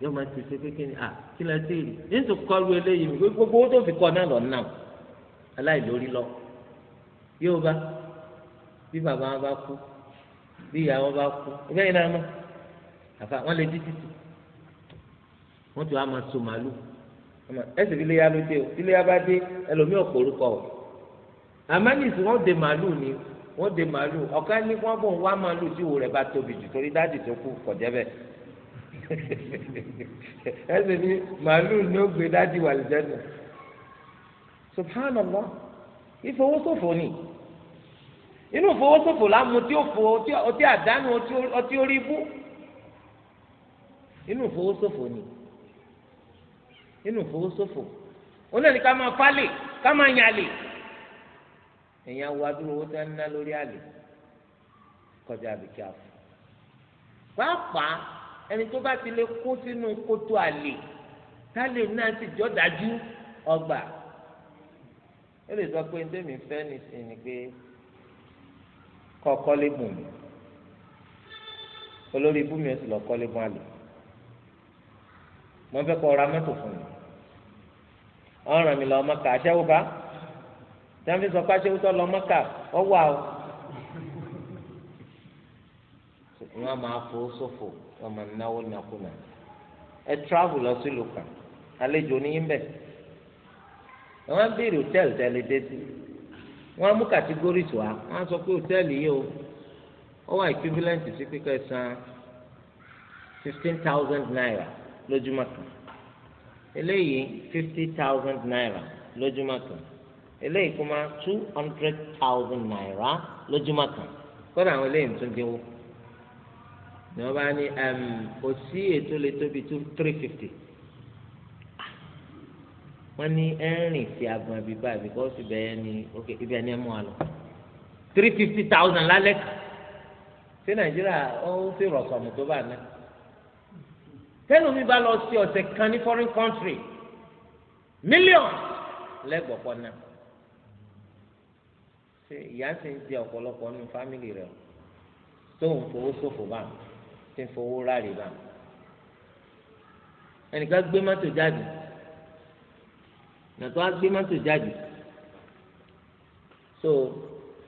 yóò máa ti ṣe kékeré à kí lẹ sí rí nítorí kọlu eléyìí gbogbo owó tó fi kọ náà lọ náà aláìlórí lọ yorùbá bí bàbá wọn bá kú bí ìyàwó bá kú ẹgbẹ́ yìí náà mọ̀ àfa wọ́n lè dí títì wọ́n tún á máa so màálù ẹsẹ ilé ya ló dé o ilé bá dé ẹlòmíì ọ̀pọ̀ orúkọ o àmọ́ nìsí wọ́n dé màálù ni wọ́n dé màálù ọ̀kan ní wọ́n bọ̀ ń wá màálù tí ìwò rẹ̀ bá tóbi jù torí dáàdì tó kù kọ̀jẹ́ bẹ́ẹ̀ ẹsẹ ní màálù ni ó gbé dáàdì wà lìjẹ́ nù subhanallah ìfowósòfò ni inú ìfowósòfò lámu tí ó fò ọtí àdánù ọtí orí bú inú ìfowósòfò ni inú ìfowósòfò onáni ká máa falè ká máa yàlè èèyàn wo adúrò owó tí wọn ná lórí àlè kọjá àbíkí àfọ pàápàá ẹni tó bá ti lè kó sínú kótó àlè tálẹ náà sì jọ dájú ọgbà ó lè sọ pé ndémi fẹ́ nìsín ni pé kọ́ kọ́lébùn mi olórí ibú mi ò sì lọ kọ́lébùn àlè mo fẹ́ kọ́ ra mọ́tò fún mi ọ̀ràn mi lọ mọ́kà aṣẹ́wó bá jẹ́nfi sọ pé aṣẹ́wó tó lọ mọ́kà ọ wà o wọ́n máa fò sófò wọ́n máa náwó nàkúnà ẹ tíráàbù lọ sí lùkà àlejò oníyìn wọ́n á béèrè hòtẹ́ẹ̀lì tẹ́lẹ̀ dé sí i wọ́n mú categories wá wọ́n sọ pé hòtẹ́ẹ̀lì yìí o ó wà equivalent sí pípẹ́ san fifteen thousand naira lójúmọ́ kan eléyìí fifty thousand naira lójúmọ́ kan eléyìí kuma two hundred thousand naira lójúmọ́ kan kọ́dà àwọn eléyìí tún dínwó ni wọ́n bá ní um, kò sí ètò lè tóbi two three fifty wọ́n ní ẹ ń rìn sí agbọn bíi báyìí bíkọ́sì bẹ́ẹ̀ ni ok ibi ẹni ẹ mú wa lọ three fifty thousand lálẹ́ kan ṣé nàìjíríà ó ń ṣe rọ̀sọ̀mù tó bá ná tẹ́lómi bá lọ sí ọ̀sẹ̀ kan ní foreign country million lẹ́gbọ̀pọ̀ náà ṣe ìyá sì ń jẹ ọ̀pọ̀lọpọ̀ nínú fámìlì rẹ̀ tó ń fowó ṣòfò bá ń ti fowó ráre bá ń ẹnìkan gbé mọ́tò jáde nàtọ́ á gbé mọ́tò jáde so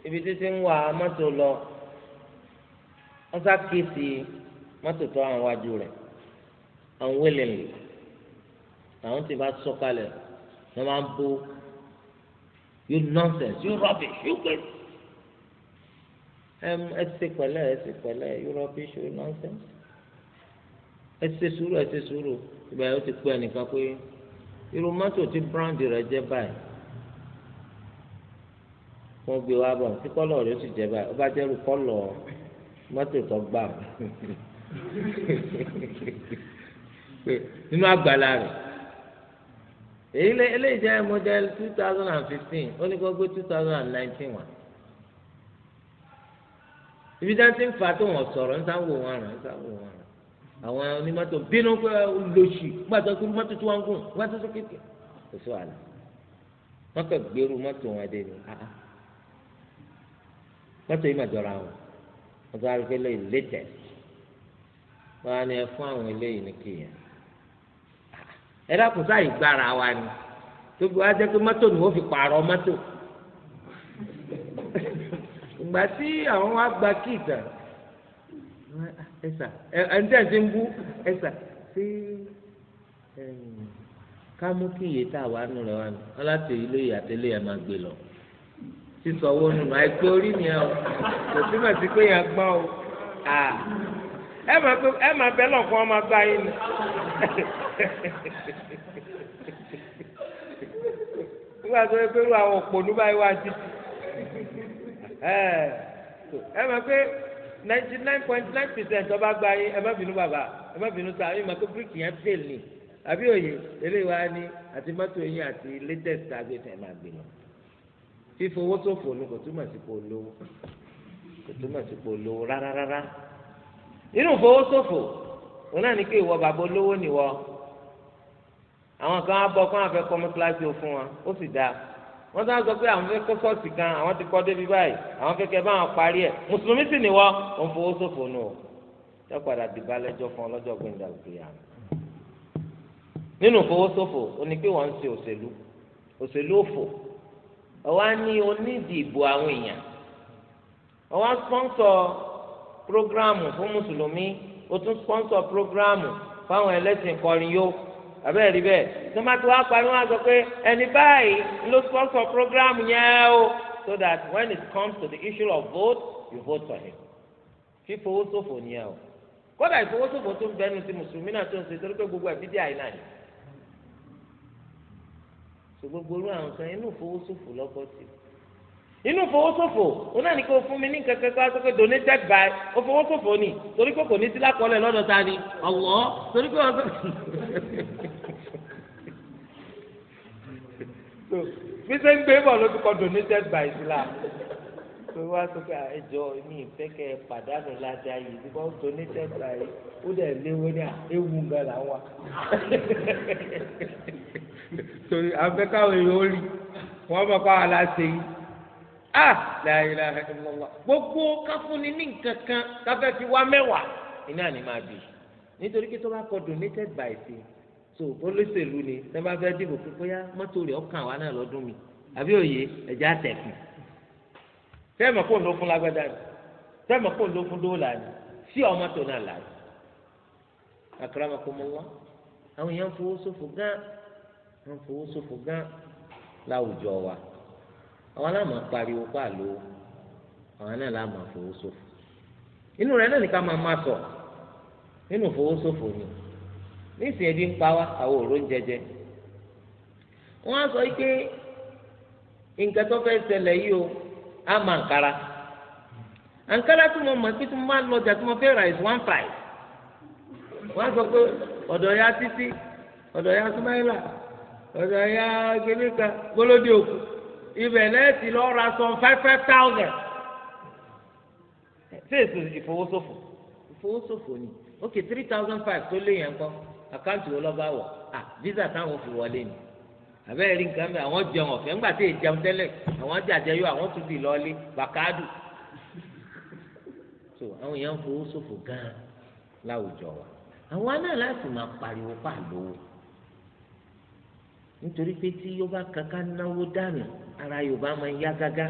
ibi títí ń wa mọ́tò lọ wọ́n sá kéèsì mọ́tò tó àwọn wájú rẹ̀ àwọn wẹ́lẹ̀lì àwọn tí bá sọ̀kalẹ̀ wọ́n máa ń bó you nonsense you rubbish you crazy ẹ ṣe pẹ̀lẹ́ ẹ ṣe pẹ̀lẹ́ you rubbish you nonsense ẹ ṣe sùúrù ẹ ṣe sùúrù ìgbà yóò ti pé ẹnìkan pé irú mọ́tò tí brand rẹ̀ jẹ́ báyìí wọ́n gbé wá bọ̀ tí kọ́lọ̀ rẹ̀ sì jẹ́ báyìí ó bá jẹ́rú kọ́lọ̀ mọ́tò tó gbà nínú àgbàlá rẹ̀ èyí eléyìí jẹ́ model two thousand and fifteen ó ní kó gbé two thousand and nineteen wá ibi tí ti ń fa tó wọ́n sọ̀rọ̀ ń sáwó wọn rẹ̀ ń sáwó wọn rẹ̀ àwọn onímọ́tò bínú pé olóṣì gbàtọ́ kúrú mọ́tò tí wọ́n ń gùn wọ́n tó kéèké kò sí wàhálà wọ́n kàn gbèrú mọ́tò wọn dé ni ah, ah. mọ́tò yìí mà jọra wọn wọ́n tó arígbé lẹ́yìn létẹ̀ wọ́n á ní ẹ fún àwọn eléyìí ní kéèyàn ah, ẹ dákun sáyì gbára wa ni tóbi wá jẹ́ pé mọ́tò ni wọ́n fi pààrọ̀ mọ́tò ìgbà tí àwọn wa gba kíìtà ẹ̀sà ẹ̀ńtẹ̀sí ń bú ẹ̀sà ṣé ká mú kí iye tá a wà nù rẹ̀ wá nù aláta èyí lóye àtẹlẹ́ ẹ̀ máa gbé lọ sísọ owó nù àìpé orí ni ẹ o kò túmọ̀ sí pé yẹn gbọ́ o ẹ máa pé ẹ máa bẹ́ lọ fún ọmọ gbá yín ni nígbà tó yẹ pé irú àwọn òpònú báyìí wá títì ẹ máa pé ninety nine point nine percent ọba gba yín ẹ má bínú bàbá ẹ má bínú sáà ìmọ̀ tó bíríkì yẹn fail ni àbí òye eré wa ni àti mọ́tò yín àti latest target ẹ̀ máa gbìnà fífowó ṣòfò ni kò túmọ̀ sí kò lówó kò túmọ̀ sí kò lówó rárá rárá nínú fowó ṣòfò òun náà ní kí ìwọ bàbá olówó nìwọ àwọn kan á bọ kó àwọn afẹ kọmọ kíláàsì ó fún wa ó sì dáa wọ́n sá sọ pé àwọn fẹ́ kó sọ́ọ̀sì kan àwọn ti kọ́ débi báyìí àwọn kẹ̀kẹ́ báwọn parí ẹ̀ mùsùlùmí sì ni wọ́n ò ń fowó ṣòfò nù ọ́ yóò padà dìbò alẹ́jọ́ fún ọ lọ́jọ́ gbẹ̀ndà òkèèyà nínú fowó ṣòfò ó ní pé wọ́n ń ṣe òṣèlú òṣèlú òfò ọwọ́ á ní onídìbò àwọn èèyàn ọwọ́ á spọ́nsọ̀ prógráàmù fún mùsùlùmí ó tún spọ́nsọ̀ prógráàmù fáwọn ẹlẹ́sìn kọrin yóò abẹ́rẹ́ rí bẹ́ẹ̀ tòmátì wa parí wọn sọ pé ẹni báyìí ló sponsor program yẹn o so that when it comes to the issue of vote you vote for him fífowó ṣòfò nìyẹn o kódà ìfowósòfò tó ń bẹnu ti mùsùlùmí náà tó ń ṣe torí pé gbogbo ẹbí dí àyìnlá ni so gbogbo olú àwọn kan inú ìfowósòfò lọ́kọ́ sí inú ìfowósòfò ó náà ní kó fún mi ní kankan kó aṣọ pé donated by ó fowósòfò ni torí pé kò ní sí lákọọ́lẹ̀ lọ́dọ̀ ta ni ọ̀wọ́ torí pé wọ́n sọ. so bí ṣe ń gbé bọ̀ ló donated by Islam so wá sọ pé ẹjọ́ mi ìfẹ́ kẹ́ ẹ pàdánù ládàá yìí bí wọ́n donated by ó dẹ̀ léwé ní ewu gan la wà torí afẹ́káwé yóò rí wọ́n mọ̀ kọ́ aláṣẹ yìí ah la ilaha illallah gbogbo káfúnni ní nǹkan kan káfẹ́ fi wá mẹ́wàá iná ni máa bì nítorí pé tó bá kọ donated by Islam so olóṣèlú ni tẹ́ bá fẹ́ dìbò pé bóyá mọ́tò rẹ̀ ọkàn wa náà lọ́dún mi àbí òye ẹ̀jẹ̀ àtẹ̀kùn tẹ́ẹ̀mọ̀ kó ló fún lágbádá ni tẹ́ẹ̀mọ̀ kó ló fún dóòlà ni sí ọmọ tó náà là ní. àkàràmọ̀kọ́mọ́wá àwọn èèyàn fowó ṣòfò gán wọ́n fowó ṣòfò gán láwùjọ wa àwọn aláàmà pariwo pààlò àwọn náà láàmà fowó ṣòfò inú rẹ̀ náà ní ká máa má sọ nínú fowó ṣòfò ni. nísìnyí ebi ń pa wá àwọn òró ń jẹjẹ á sọ pé nǹkan tó fẹ́ ṣẹlẹ̀ yìí o á mọ àǹkárá àǹkárá tí mo mọ̀ pé tí lọ ọjà tí mo is one five wọ́n á sọ pé ọ̀dọ̀ ya títí ọ̀dọ̀ ya súnmáìlà ọ̀dọ̀ ya gbẹlẹ́ka gbọ́lódé òkú ibẹ̀ lẹ́ẹ̀tì lọ́ọ́ ra sọ five five thousand ṣé èso ni ok three thousand five tó kọ́. àkáǹtì wo lọ́ba wọ̀ à visa táwọn fi wọlé ni àbẹ́rẹ́ rí nǹkan bẹ́ẹ̀ àwọn jẹun ọ̀fẹ́ ńgbà tí èyí jẹun tẹ́lẹ̀ àwọn jàjẹ yóò àwọn tún ti lọ́ọ́lé bàkádù so àwọn èèyàn ń fowó ṣòfò gan-an láwùjọ wa àwọn náà láti máa pariwo pàlówó nítorí pé tí yóò bá kankan náwó dànù ara Yorùbá máa ń yá gágá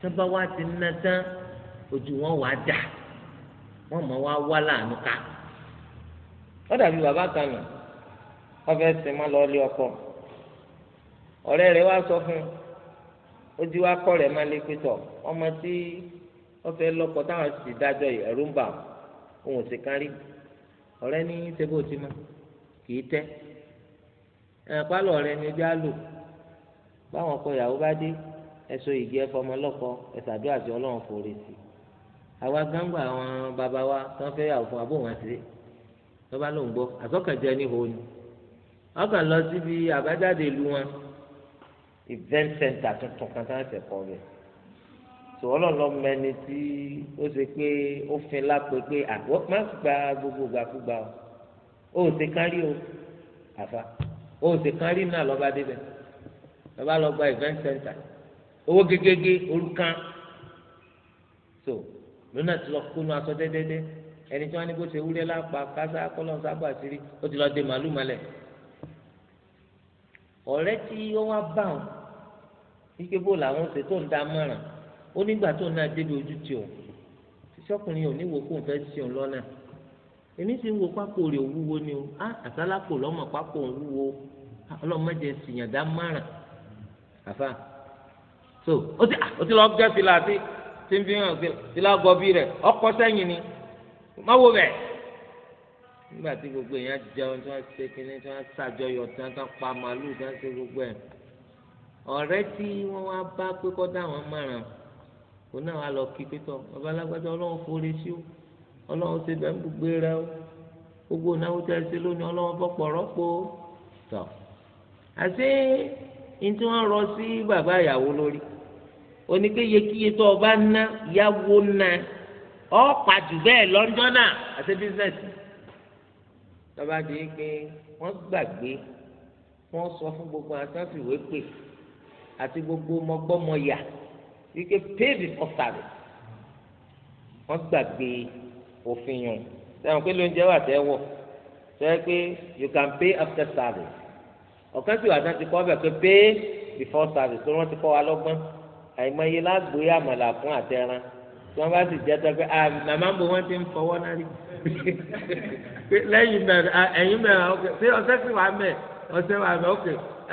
tábà wá ti ná tán ojú wọn wàá dà wọn mọ wá wá láàánú ká ó dàbí bàbá kan nà ọfẹ sin má lọ lé ọkọ ọ̀rẹ́ rẹ̀ wá sọ fún ó ti wá kọ rẹ má lé pétọ ọmọ tí ọfẹ lọkọ táwọn sì dájọ́ yìí ẹ̀rù ń bà òun sì kárí ọ̀rẹ́ ní sẹbó tí ma kì tẹ ẹnìpálọ ọ̀rẹ́ ni ojú á lò báwọn ọkọ ìyàwó bá dé ẹsọ ìgì ẹfọ ọmọlọkọ ẹsàdó àti Ọlọ́run fòrè sí àwa gbangba àwọn bàbá wa tí wọn fẹ́ yàwó fún abóhùn àti rẹ tó bá lóun gbọ́ àsọkànjẹ ní hó ni wọn kàn lọ síbi àbájáde ìlú wọn event center tuntun kan tó ń ṣe kọ rẹ tò ọlọ́lọ́ mẹni tí ó ṣe pé ó fin lápè pé àgọ́ má gba gbogbo gbàkúgbà o ò ṣe kárí o àfa o ò ṣe kárí náà lọ́ba débẹ̀ lọ́ba lọ gba event center owó gegege olùkàn so lónà tí lọ kó nu aṣọ dẹ́dẹ́dẹ́ ẹni tí wọ́n ní kó ṣe wúlé lápá kásá kọ́lọ́ sábà sírí ó ti lọ dé màálù mọ́lẹ̀ ọ̀rẹ́ tí ó wá bá wọn ike bó làwọn ṣe tó ń dá mọ́ràn ó nígbà tó náà débi ojú ti o sọkùnrin ò ní wo kó n fẹ́ sí òun lọ́nà èmi sì ń wo pákó rẹ̀ wúwo ni o á àtàlápò lọ́mọ pákó òun wúwo ọlọ́mọdé sìyàn àfa so ó ti lọ gẹ́ fìlà tí ń fi hàn fìlà gọbí rẹ̀ ọkọ sẹ́yìn ni má wo bẹ̀ nígbà tí gbogbo èèyàn jẹun tí wọ́n ṣe kínní tí wọ́n ṣàjọyọ̀ tí wọ́n pa màálù tí wọ́n ṣe gbogbo ẹ̀ ọ̀rẹ́ tí wọ́n wá bá pé kọ́ dá wọn mọ̀ràn kò náà wá lọ kí pétọ́ ọba alágbájá ọlọ́run forí sí o ọlọ́run ṣe bẹ́ẹ̀ gbogbo rẹ o gbogbo náà wọ́n tẹ̀sí lónìí ọlọ́run fọ́pọ̀ rọ́pò tọ̀ àti ní tí wọ́n rọ sí bàbá ìyàwó lórí oníkéyekíye tó ọba ná ìyàwó náà ọ̀pá jù bẹ́ẹ̀ lọ́jọ́ náà àti bísíǹsì tọ́ba di pé wọ́n gbàgbé wọ́n sọ fún gbogbo àtàfìwé pè àti gbogbo mọgbọ́mọyà wípé pay before service wọ́n gbàgbé òfin yàn sẹ́wọ̀n pé lóúnjẹ wà tẹ́ wọ̀ sẹ́wọ́n pé you can pay after service ọ̀kan sì wà náà ti kọ́ ọ́ bẹ̀ pé pay before service tó wọ́n ti kọ́ wa lọ́gbọ́n àìmọye lágbóyè àmàlà fún àtẹ̀ràn wọn bá sì jẹ tán pé ah màmá ń bo wọn ti ń fọwọ́ náà rí lẹ́yìn mẹ́rin ẹ̀yìn mẹ́rin ok ṣé ọ̀sẹ̀ sì wà mẹ́ ọ̀sẹ̀ wà mẹ́ ok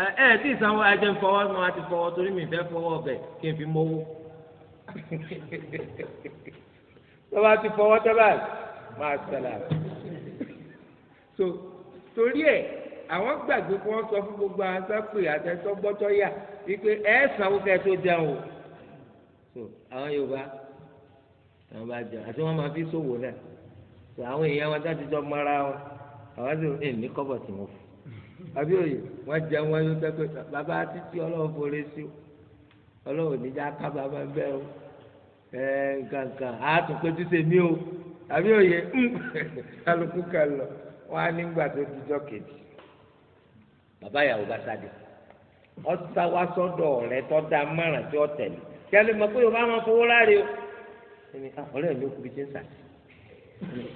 eh, ẹ ẹ tí ìsanwó ajé ń fọwọ́ náà wá ti fọwọ́ torí mi fẹ́ fọwọ́ ọbẹ̀ kí n fi mówó wọ́n bá ti fọwọ́ tẹ́ báyìí máa ṣẹlẹ̀ so torí ẹ̀ àwọn gbàgbé kí wọ́n sọ fún gbogbo asápè àtẹ̀sọ́gbọ́tọ́ yà wípé ẹ̀ sanwó kẹ́ẹ̀ tó jẹun o so àwọn Yorùbá àwọn bá jẹun àti wọn máa fi sòwò náà tó àwọn èèyàn wọn sáà ti jọ mọ́ra wọn àwọn sì ń ní kọ́bọ̀ tí wọ́n fò àbí òye wọ́n jẹun wọn yóò tẹ́ pé bàbá títí ọlọ́run forí sí o ọlọ́run níjà ká bàbá bẹ́ẹ̀ o ẹ̀ẹ́ kankan àtúnpé títí mi o àbí òye kálukú kan lọ wọn á nígbà tó dijọ́ kejì bàbá yàwó bá sáde ọ̀sá wa sọ́dọ̀ rẹ̀ tọ́ da márùn-ún tí ó tẹ̀lé kí a lè mọ̀ pé o bá wọn fowó láre o ọ̀rẹ́ mi kò fi ṣe ń sàtì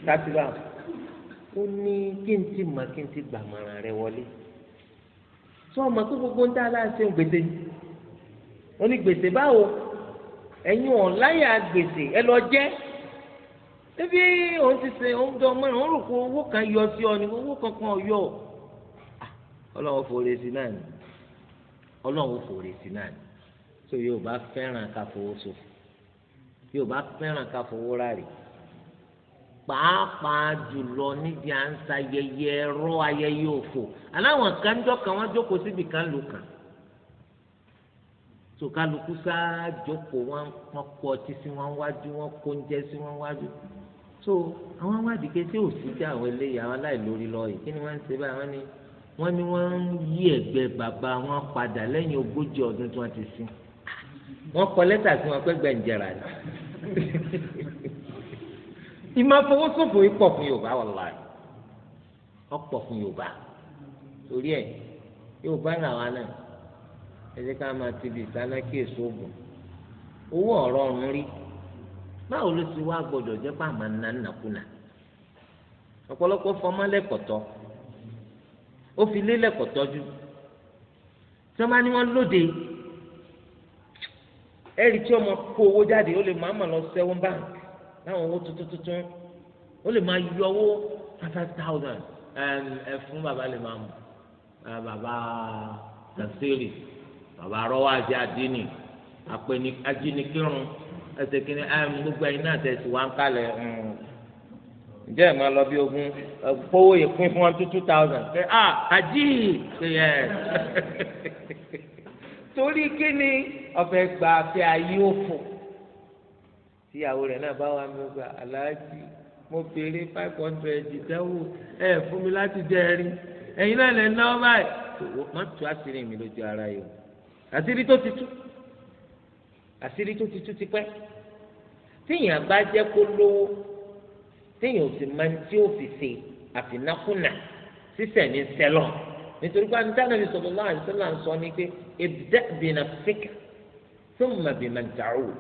sàtì bá ó ní kí n ti mọ̀ kí n ti gbà mọ̀ràn rẹ wọlé sọ ma pé gbogbo ń dá aláṣẹ gbèsè ó ní gbèsè báwo ẹ̀yin ọ̀láyà gbèsè ẹ lọ jẹ́ ebi òun ti sè òun dán ọmọ rẹ òun rò pé owó kan yọ sí ọ ni owó kankan yọ ah, ọlọ́run fòrè sí náà ni ọlọ́run fòrè sí náà ni tó yóò bá fẹ́ràn ká fowó ṣòfò yóò bá fẹ́ràn ká fowó rárẹ̀ pàápàá jùlọ níbi à ń sa ayẹyẹ ẹ̀rọ ayẹyẹ òfò aláwọn kanjọ kan wọ́n jókòó síbi kan lù kàn tó kálukú sáà jókòó wọ́n pọ ọtí sí wọn wájú wọ́n kó oúnjẹ sí wọn wájú so àwọn awádìí ké ò sí dá àwọn eléyìí àwọn aláìlórí lọ kí ni wọ́n ń ṣe báyìí wọ́n ní wọ́n ń yí ẹ̀gbẹ́ bàbá wọn padà lẹ́yìn ogójì ọdún tí wọ́n ti sìn wọn kọ leta sí wọn pé gbẹ̀ǹjẹ̀rà ni ìmọ̀fowósòfò yìí pọ̀ fún yorùbá wàlá ọ pọ̀ fún yorùbá torí ẹ̀ yorùbá làwa náà ẹ ká máa ti di sánákì èso ògùn owó rí báwo ló ti wá pé àmà nà nàkúnà ó fi ẹ̀rí tí ọmọ kó owó jáde ó lè máa mà lọ sẹ́wọ́n báńkì láwọn owó tuntun tuntun ó lè máa yọ owó five thousand um, ẹ fún bàbá lè máa mú uh, bàbá tafsiri bàbá arọ́wọ́ àti àdínì àpẹni ajínikírun ẹsẹ̀ kìíní ẹ̀ um, gbogbo ẹ̀yin náà tẹ̀sí wá ń kalẹ̀ um. ǹjẹ́ ẹ̀ máa lọ bí ogún kówó yẹ pín fún one to two thousand ah, ṣe ah àjí ṣe yẹ ẹ̀ torí kí ni ọbẹ̀ gbà fẹ́ ayé òfò tíyàwó rẹ̀ náà bá wà mí gbà aláàjì mo béèrè five hundred ìdánwò ẹ fún mi láti jẹ ẹrin ẹ̀yin náà lè ná báyìí má tu àṣírí mi lójú ara yìí o àṣírí tó ti tú àṣírí tó ti tú ti pẹ́ tíyàn bá jẹ́ kó lówó tíyàn ò sì máa ń tí ó fi ṣe àfinákùnà sísẹ̀ ní sẹ́lọ̀n nítorí pé àti ànábì sallallahu alaihi wasallam sọ ni pé ibda' bi nafsika thumma biman ta'ud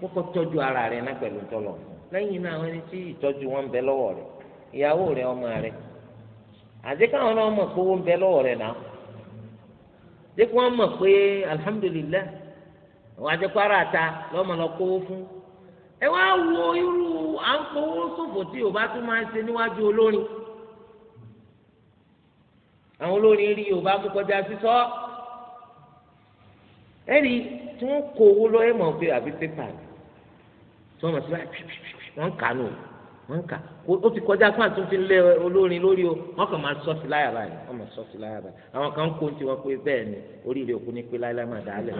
kọ́kọ́ tọ́jú ara rẹ̀ náà pẹ̀lú tọ́lọ̀ lẹ́yìn náà àwọn ẹni tí ìtọ́jú wọn ń bẹ lọ́wọ́ rẹ̀ ìyàwó rẹ̀ ọmọ rẹ̀ àti káwọn náà mọ̀ pé owó ń bẹ lọ́wọ́ rẹ̀ náà dé kí wọ́n mọ̀ pé alhamdulillah àwọn àjẹpára ta lọ́mọ lọ kówó fún ẹ wá wo irú à ń kówó sófò tí ò tún máa ń ṣe níwájú olórin àwọn olórin rí yorùbá mú kọjá sísọ ẹni tí wọn kó owó lọ ẹ mọ pé àbí pépà ni tí wọn mọ sí báyìí wọn kà nù wọn kà ó ti kọjá fún àtúnfin lé olórin lórí o wọn kàn máa sọ sí láyà báyìí wọn máa sọ sí láyà báyìí àwọn kan kó tiwọn pé bẹ́ẹ̀ ni oríire òkú ní pé láyà máa dà á lẹ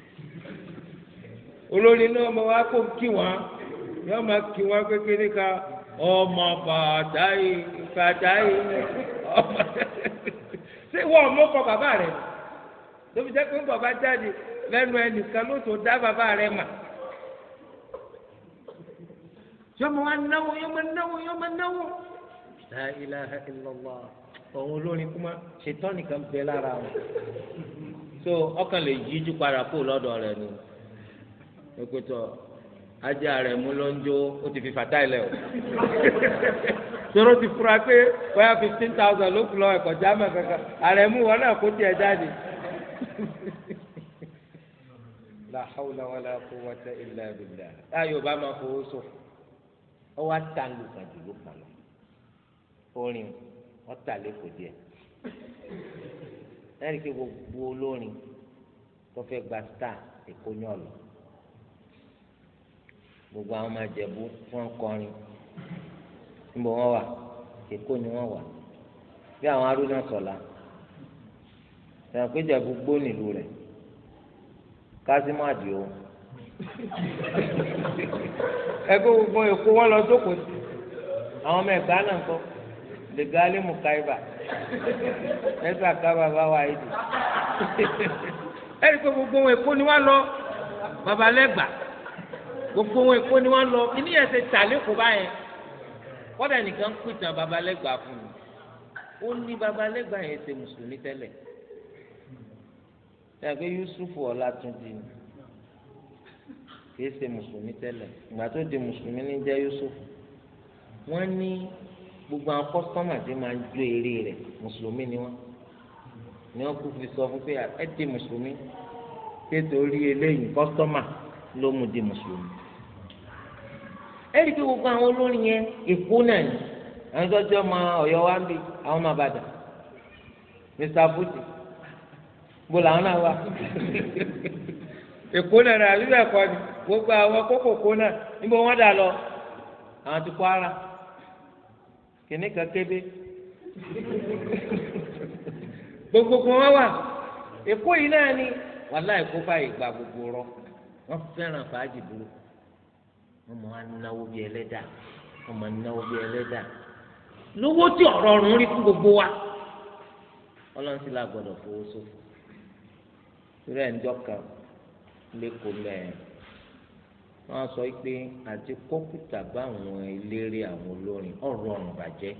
olórin náà mo wá kó kí wọn yọọ máa kí wọn kékeré ká. ọmọ bàtà yìí bàtà yìí ọmọ ṣé wọ́n fọ kọ bàbá rẹ̀ tóbi jẹ́ pé bàbá jáde lẹ́nu ẹnìkan ló tó dá bàbá rẹ̀ mà yọmọ wa náwó yọmọ náwó yọmọ náwó ilaha olórin ṣètọ́ nìkan bẹ lára wọn so ọkàn lè yíjú padà kó lọ́dọ̀ rẹ̀ ni ajá rẹ̀ mú lọ́njọ́ ó ti fi fàtà ilẹ̀ o sọ̀rọ̀ ti fura pé bóyá fifteen thousand ló kù lọ ẹ̀kọ́ jámẹ́ kankan àrẹ̀ mú wọn náà kó tiẹ̀ jáde. la hawla wala quwwata illa billah láàyò bá máa fowó sọ ọ wá ta lù kàdù ló kàn lọ orin ọ̀tà lẹ́kọ̀ọ́ díẹ̀ láyé kí gbogbo olórin tó fẹ́ gba star èkó ní ọ̀lọ́ gbogbo àwọn máa jẹ̀bú tí wọ́n kọrin níbo wọ́n wà èkó ni wọ́n wà bí àwọn arúnà sọ̀la sọ̀rọ̀ pé jẹ̀bú gbó nílùú rẹ̀ kásímọ́ àdìo ẹgbẹ́ gbogbo èkó wọ́n lọ jókòó sí àwọn ọmọ ẹ̀gbá náà kọ́ lẹ́gàálì mùkáìbà ẹ̀sà kábà bá wà yìí ẹ̀rí pé gbogbo èkó ni wọ́n lọ babalẹ́gbàá gbogbo wọn èkó ni wọn lọ kíní ẹsẹ tàlékò báyẹn kódà nìkan ń pìtàn babalẹ́gbàá fún mi ó ní babalẹ́gbàá yẹn ṣe mùsùlùmí tẹ́lẹ̀ tàbí Yusuf Ọlátúndì ni kìí ṣe mùsùlùmí tẹ́lẹ̀ ìgbà tó di mùsùlùmí ní jẹ́ Yusuf wọ́n ní gbogbo àwọn kọ́sítọ́mà tí máa ń jó eré rẹ̀ mùsùlùmí ni wọ́n ni wọ́n kú fi sọ fún pé ẹ di mùsùlùmí pé torí eléyìí kọ́sítọ́mà ló mú di mùsùlùmí. ẹ̀rí pé gbogbo àwọn olórin yẹn èkó náà ni àwọn sọ́jọ́ ọmọ ọ̀yọ́ wa ń bi àwọn ọmọ mr buti gbogbo làwọn náà wà èkó náà náà àbíbẹ̀ kọ́ ni gbogbo àwọn kókòkó náà níbo dà lọ àwọn ti ara kébé gbogbo kan wá wà èkó yìí náà ni wàhálà èkó báyìí gba gbogbo wọ́n máa náwó bí ẹlẹ́dà wọ́n máa náwó bí ẹlẹ́dà lówó tí ọ̀rọ̀ ọ̀run rí fún gbogbo wa ọlọ́run sì là gbọ́dọ̀ fowó ṣòfò rẹ̀ ń jọ́ka lẹ́kọ̀ọ́ mẹ́ẹ̀ wọ́n sọ pé àti kọ́pútà báwọn eléré àwọn olórin ọ̀rọ̀ ọ̀run bàjẹ́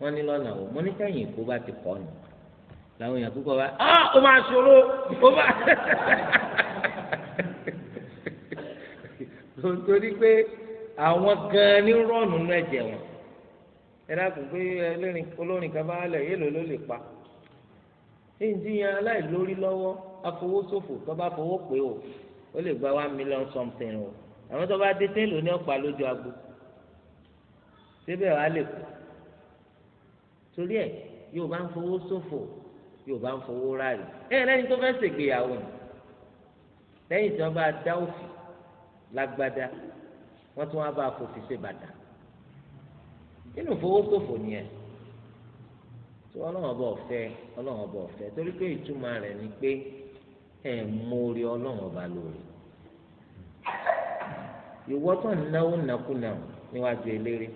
wọ́n ní lọ́nà o mo ní sẹ́yìn ìkó bá ti kọ́ ni làwọn èèyàn púpọ̀ bá ah ó máa ṣòro ó bá. torí pé àwọn gan ní rọ́ọ̀nù náà jẹ wọn ẹ dákun pé olórin kan bá lẹ̀ yélò ló lè pa ìjìyàn aláìlórí lọ́wọ́ afowósòfò tó bá fowó pé o ó lè gba one million something o àwọn tó bá dé téèlò ní ọ̀pá lójú agbo síbẹ̀ wàá lè kú torí ẹ̀ yóò bá ń fowó sòfò yóò bá ń fowó ráàlì ẹ lẹ́yìn tó fẹ́ ṣègbéyàwó ni lẹ́yìn tí wọ́n bá dá òfin lágbádá wọ́n tún wá bá fòfin ṣe bàtà nínú ìfowósòfò nìyẹn tí ọlọ́run ọba ọ̀fẹ́ ọlọ́run ọba ọ̀fẹ́ torí pé ìtumọ̀ rẹ̀ ni pé ẹ̀ mórí ọlọ́run ọba lórí ìwọ tó ń náwó nàkúnà níwájú eléré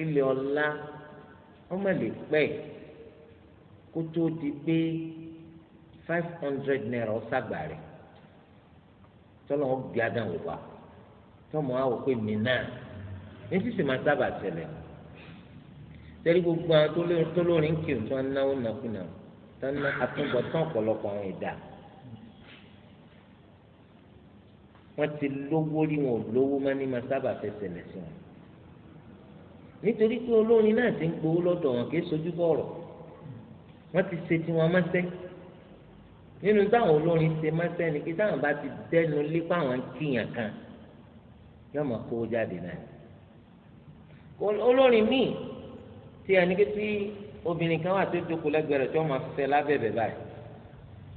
ilé ọlá ọmọ lè pẹ́ kó tó di pé five hundred naira ọ̀sàgbà rẹ̀ tọ́lọ́ wọn gbé adáwò wá tọ́mọ àwọ̀ pé mi náà ní sísè máa sábà tẹ̀lẹ̀ tẹ́lẹ̀ gbogbo àwọn tó lórí ń kírun tó ń náwó nàkúnà tó ń ná àtúbọ̀ tán ọ̀pọ̀lọpọ̀ àwọn ìdá wọ́n ti lówó rí wọn ò lówó má ní máa sábà fẹ́ tẹ̀lẹ̀ sí wọn nítorí pé olórin náà ti ń gbowó lọ́dọ̀ wọn kì í sojú bọ̀rọ̀ wọ́n ti ṣe tiwọn mọ́sẹ́ nínú táwọn olórin ṣe mọ́sẹ́ ni kí táwọn bá ti dẹnu lé fáwọn kíyàn kan yóò máa kó jáde náà olórin míì tí ẹni kí tí obìnrin kan wà tó jókòó lẹ́gbẹ̀ẹ́ rẹ̀ tí wọ́n máa fẹ́ lábẹ́bẹ̀ báyìí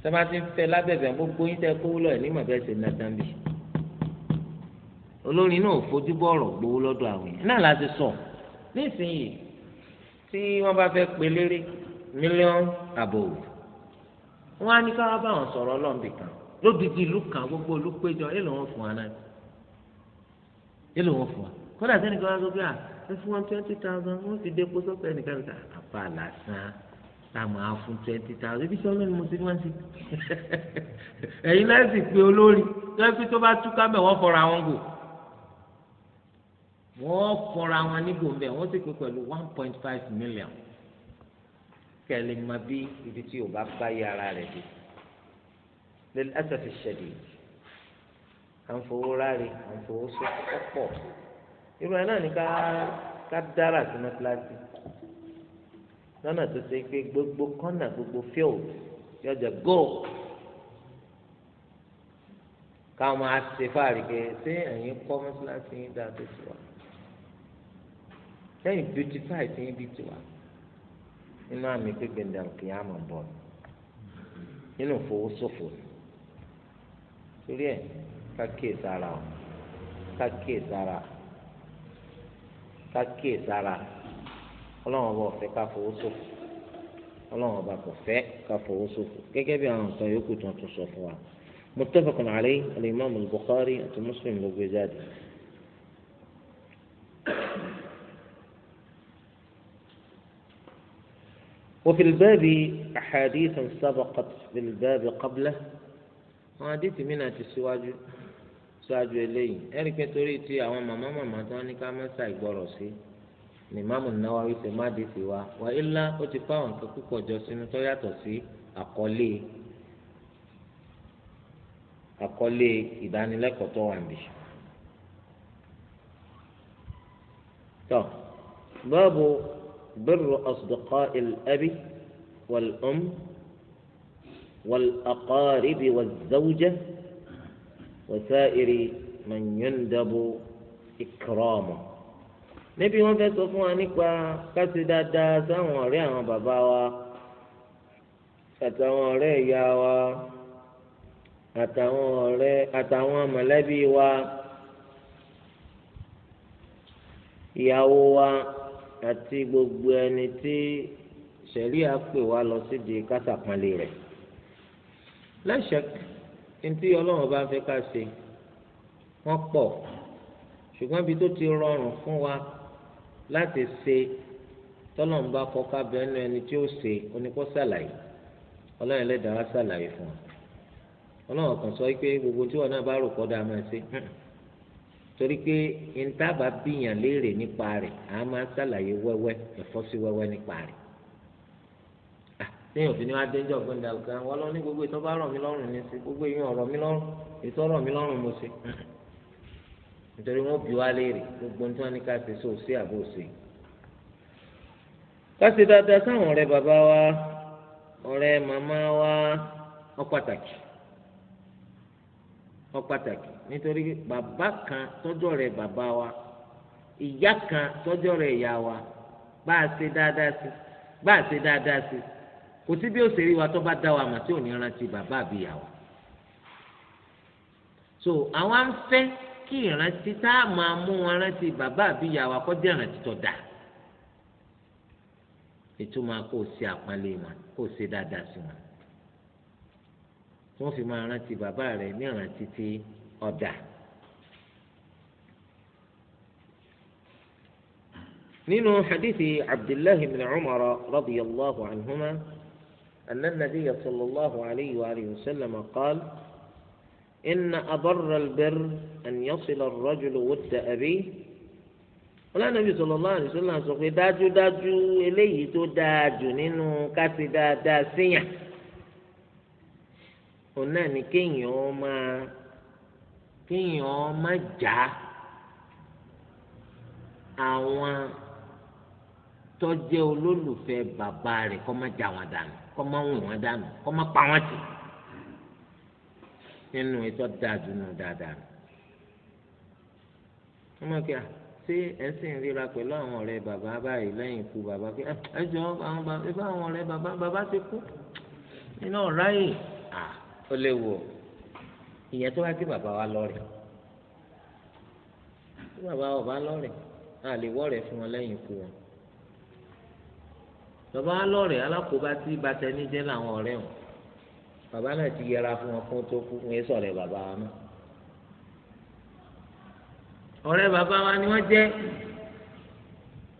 sọ́mà ti ń fẹ́ lábẹ́bẹ̀ gbogbo yín tẹ́ kówó lọ́ọ̀ ní màbẹ́ ṣe nà tán bì olórin náà ò fojú bọ̀rọ̀ gbowó lọ́dọ̀ àwìn náà láti sọ nísìnyí tí wọ́n bá fẹ́ pelére mílíọ̀nù àbòwò wọn á ní ká wá bá wọn sọ̀rọ̀ ọlọ́ọ̀bì kan lódìdí ìlú kan gbogbo olùpéjọ èlò wọn fún wa náà èlò wọn fún wa kódà sẹ́ni kan wá sọ pé à ẹ fún wọn twenty thousand wọ́n ti dé epo sọ́fẹ̀ nìkan níta àbá lásán tá a máa fún twenty thousand ibi sọ́ọ́ lónìí mo ti wọ́n sí ẹ̀yin náà sì pé olórí lọ́ọ́ pé tó bá túká mẹ́ wọ́n fọra wọn gò wọ́n fọra wọn nígò mẹ́ wọ́n sì pé pẹ̀lú one point five million kẹlẹ ma bí ibi tí yorùbá bá yí ara rẹ dé lẹni ẹsẹfì ṣẹlẹ à ń fowó ráre à ń fowó sọ ọ̀pọ̀ irú ẹ náà ní ká ká dára sí mọ́tíláṣí lọ́nà tó ṣe pé gbogbo kọ́nà gbogbo field yọjọ goal káwọn máa ṣe fáàrí pé ṣé ẹ̀yin kọ́ yín dáa tó ti wà lẹ́yìn beautify ti yín bí ti wà nínú àmì pípé ndàkìyàmọ bọ nínú fowósòfò torí ẹ kákíyè sára o kákíyè sára kákíyè sára ọlọ́run ọba ọ̀fẹ́ ká fowósòfò ọlọ́run ọba kò fẹ́ ká fowósòfò gẹ́gẹ́ bí àwọn nǹkan yòókù tó ń tún sọ fún wa muttafaqun alayhi al-imam al-bukhari àti muslim ló gbé jáde. وفي الباب أحاديث سبقت في الباب قبله وحديث من السواج سواج إليه أريك تريتي أو ماما ماما تاني كما سايبورسي ni Imaamu Nawawi ṣe má di sí wa wa ilá ó ti kó àwọn nǹkan púpọ̀ jọ sínú tó yàtọ̀ sí àkọlé àkọlé ìdánilẹ́kọ̀ọ́ tó wà níbí. tó báàbò بر أصدقاء الأب والأم والأقارب والزوجة وسائر من يندب إكرامه نبي وانت سوفو أنيكوا كاسدا دا سانواري أنا باباوا أتاواري ياوا أتاواري أتاوا ملبيوا ياووا àti gbogbo ẹni tí ṣẹ̀ríà pè wá lọ sídìí kásàpọ̀nlé rẹ̀ lẹ́sẹ̀k ntí ọlọ́run bá fẹ́ ká ṣe wọ́n pọ̀ ṣùgbọ́n ibi tó ti rọrùn fún wa láti ṣe tọ́lọ́run bá kọ́ ká bẹ́ẹ̀ nu ẹni tí ó ṣe oníkó ṣàlàyé ọlọ́run ẹlẹ́dàá wá ṣàlàyé fún wa ọlọ́run kan sọ pé gbogbo tí wọn náà bá rò kọ́ dáa máa ṣe torí pé ìntàbà bíyàn léèrè nípa rẹ̀ à máa ṣàlàyé wẹ́wẹ́ ẹ̀fọ́sí wẹ́wẹ́ nípa rẹ̀ téèyàn fi ní wá dénjọ fún ìdàlùkà wọn lọ ní gbogbo ìtọ́ bá rọ̀ mí lọ́rùn ní sí gbogbo ìyẹn ọ̀rọ̀ mi lọ́rùn ètò ọ̀rọ̀ mi lọ́rùn mo ṣe nítorí wọn bí wá léèrè gbogbo ní tí wọn ní ká ṣe sóò sí àbò ṣe. ká dáadáa sáwọn ọ̀rẹ́ bàbá wa ọ̀rẹ́ màmá wa ó pàtàkì ó pàtàkì nítorí bàbá kan tọ́jọ́ rẹ̀ bàbá wa ìyá kan tọ́jọ́ rẹ̀ ìyá wa bá a ṣe dáadáa sí bá a ṣe dáadáa sí kò sí bí ó wa tó bá dá wa mà tí ò ní rántí bàbá àbí ìyá wa. so àwọn á ń fẹ́ kí ìrántí tá a máa mú wọn rántí bàbá àbí ìyá wa kọ́ jẹ́ ìrántí tó dáa ìtumọ̀ kó ṣe àpọ́nlé wọn kó ṣe dáadáa sí wọn wọ́n fi máa rántí bàbá rẹ̀ ní ìrántí tí. وابداع من حديث عبد الله بن عمر رضي الله عنهما أن النبي صلى الله عليه وآله وسلم قال إن أبر البر أن يصل الرجل ود أبيه ولا النبي صلى الله عليه وسلم سوف pé داجو إليه tó نينو jù داسيا káṣí dáadáa síyàn kéèyàn má já àwọn tó jẹ́ olólùfẹ́ bàbá rẹ̀ kó má já wọn dànù kó má wù wọn dànù kó má pa wọn tì nínú ètò dáadu nù dáadáa wọ́n mọ̀ kí a ṣé ẹ sì ń ríra pẹ̀lú àwọn ọ̀rẹ́ bàbá báyìí lẹ́yìn ikú bàbá pé ẹ jọ àwọn bàbá ẹ bá àwọn ọ̀rẹ́ bàbá bàbá ti kú nínú ọ̀rá yìí ó léwu o ìyẹn tó bá gbé bàbá wa lọ rẹ̀ tí bàbá wa bá lọ rẹ̀ a lè wọ́ rẹ̀ fún wọn lẹ́yìn ikú wọn bàbá wa lọ rẹ̀ alákòóbá tí bàtẹ́ni jẹ́ làwọn ọ̀rẹ́ wọn bàbá náà ti yẹra fún wọn fún tó kú fún yẹn sọ̀rọ̀ bàbá wa náà ọ̀rẹ́ bàbá wa ni wọ́n jẹ́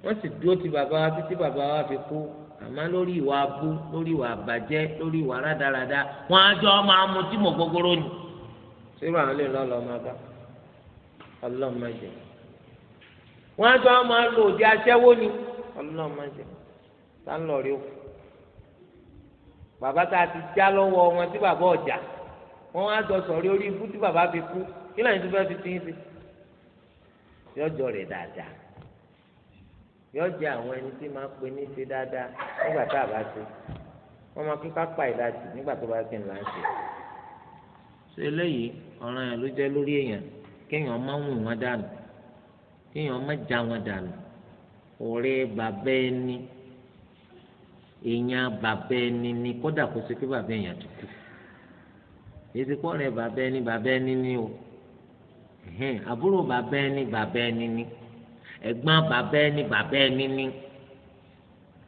wọ́n sì dúró ti bàbá wa títí bàbá wa fi kú àmọ́ lórí ìwà abú lórí ìwà àbàjẹ́ lórí ìwà rádaràda wọ́n á jọ máa mutí mọ̀ gbogbooro ni sírò àwọn lè lọ lọ máa bá ọlọ́run máa jẹ wọn á jọ máa lo òde aṣẹ́wó ni ọlọ́run máa jẹ tá ń lọ rí o bàbá tá a ti já lọ́wọ́ wọn tí bàbá ọjà wọn á jọ sọ̀rí orí ikú tí bàbá fi kú kí lẹ́yìn tó fẹ́ fi ti ń fi yọjọ rẹ̀ dáadáa yọjọ àwọn ẹni tí máa pe ní ṣe dáadáa nígbà tá a bá ṣe wọn máa kí ká pa ìdajì nígbà tó bá ṣe ń là ṣe. ṣe eléyìí ọ̀ràn yẹn ló jẹ́ lórí èèyàn kéèyàn má mú wọn dànù kéèyàn má já wọn dànù ọ̀rẹ́ bàbá ẹni èèyàn bàbá ẹni ni kódà kó ṣe pé bàbá èèyàn ti kú èsì kọ́ ọ̀rẹ́ bàbá ẹni bàbá ẹni ni o àbúrò bàbá ẹni bàbá ẹni ni ẹ̀gbọ́n bàbá ẹni bàbá ẹni ni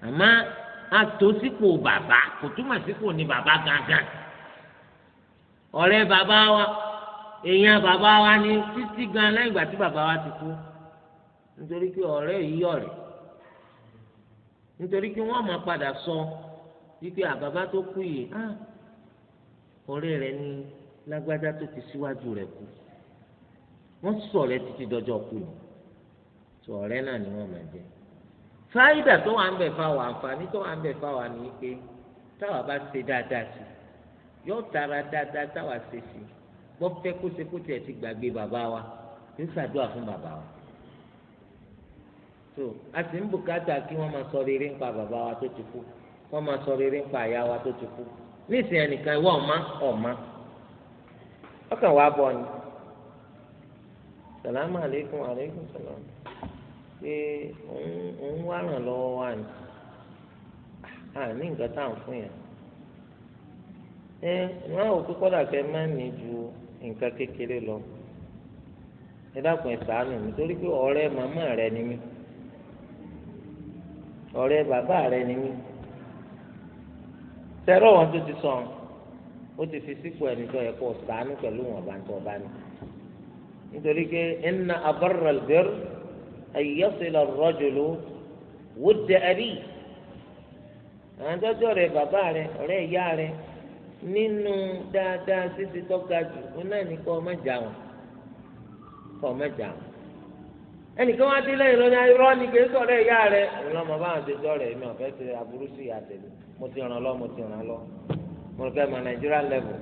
àmọ́ àtòsípò bàbá kò túmọ̀ sípò ní bàbá gangan ọ̀rẹ́ bàbá wa èèyàn bàbá wa ni títí gan lẹ́yìn ìgbà tí bàbá wa ti kú nítorí pé ọ̀rẹ́ yìí ọ̀rẹ́ nítorí pé wọ́n máa padà sọ wípé àbàbá tó kú yìí ọ̀rẹ́ rẹ̀ ni lágbájá tó ti síwájú rẹ̀ kú wọ́n sọ̀rọ̀ ẹ́ títí dọjọ́ kú ni tó ọ̀rẹ́ náà ni wọ́n máa jẹ́ fáyidà tó wà ń bẹ̀ fáwọn àǹfààní tó wà ń bẹ̀ fáwọn ni pé táwa bá ṣe dáadáa sí yóò tara dáadáa táwa ṣe sí i bọ́ fẹ́ ti gbagbe baba wa ń fún baba wa a ń bùkátà kí wọ́n ma sọ rere ń baba wa tó ti kú wọ́n ma sọ rere ń aya wa tó ti kú nísìnyẹn nìkan ìwọ ọ̀ma ọ̀ma ọkàn wa ni salamu aleykum aleykum salam pé òun wá ràn lọ́wọ́ wa ni à ní nǹkan tá à ń fún yẹn ẹ nǹkan kékeré lọ ẹ dákun ẹ ṣàánú mi torí pé ọ̀rẹ́ màmá rẹ ni mí ọ̀rẹ́ bàbá rẹ ni mí tẹrọ wọn tó ti sọ ó ti fi sípò ẹni tó yẹ kó ṣàánú pẹ̀lú wọn bá ń tọ bá ní nítorí pé inna abarra albir ayyasila arrajulu wudda abi àwọn tọ́jú ọ̀rẹ́ bàbá rẹ ọ̀rẹ́ ìyá rẹ nínú dáadáa ṣíṣe tó ga jù ó náà ní kọ́ ọmọ ìjà wọn kọ́ ọmọ wọn ẹnìkan wá dé lẹ́yìn lọ́nà irọ́ ni kì í sọ̀rọ̀ ìyá rẹ̀ òun lọ́mọ bá wọn ṣe sọ̀rọ̀ èmi ọ̀fẹ́ ṣe aburú sí ìyá tẹ̀lé mo ti ràn lọ́ mo ti ràn lọ́ mo rò pé mọ nàìjíríà level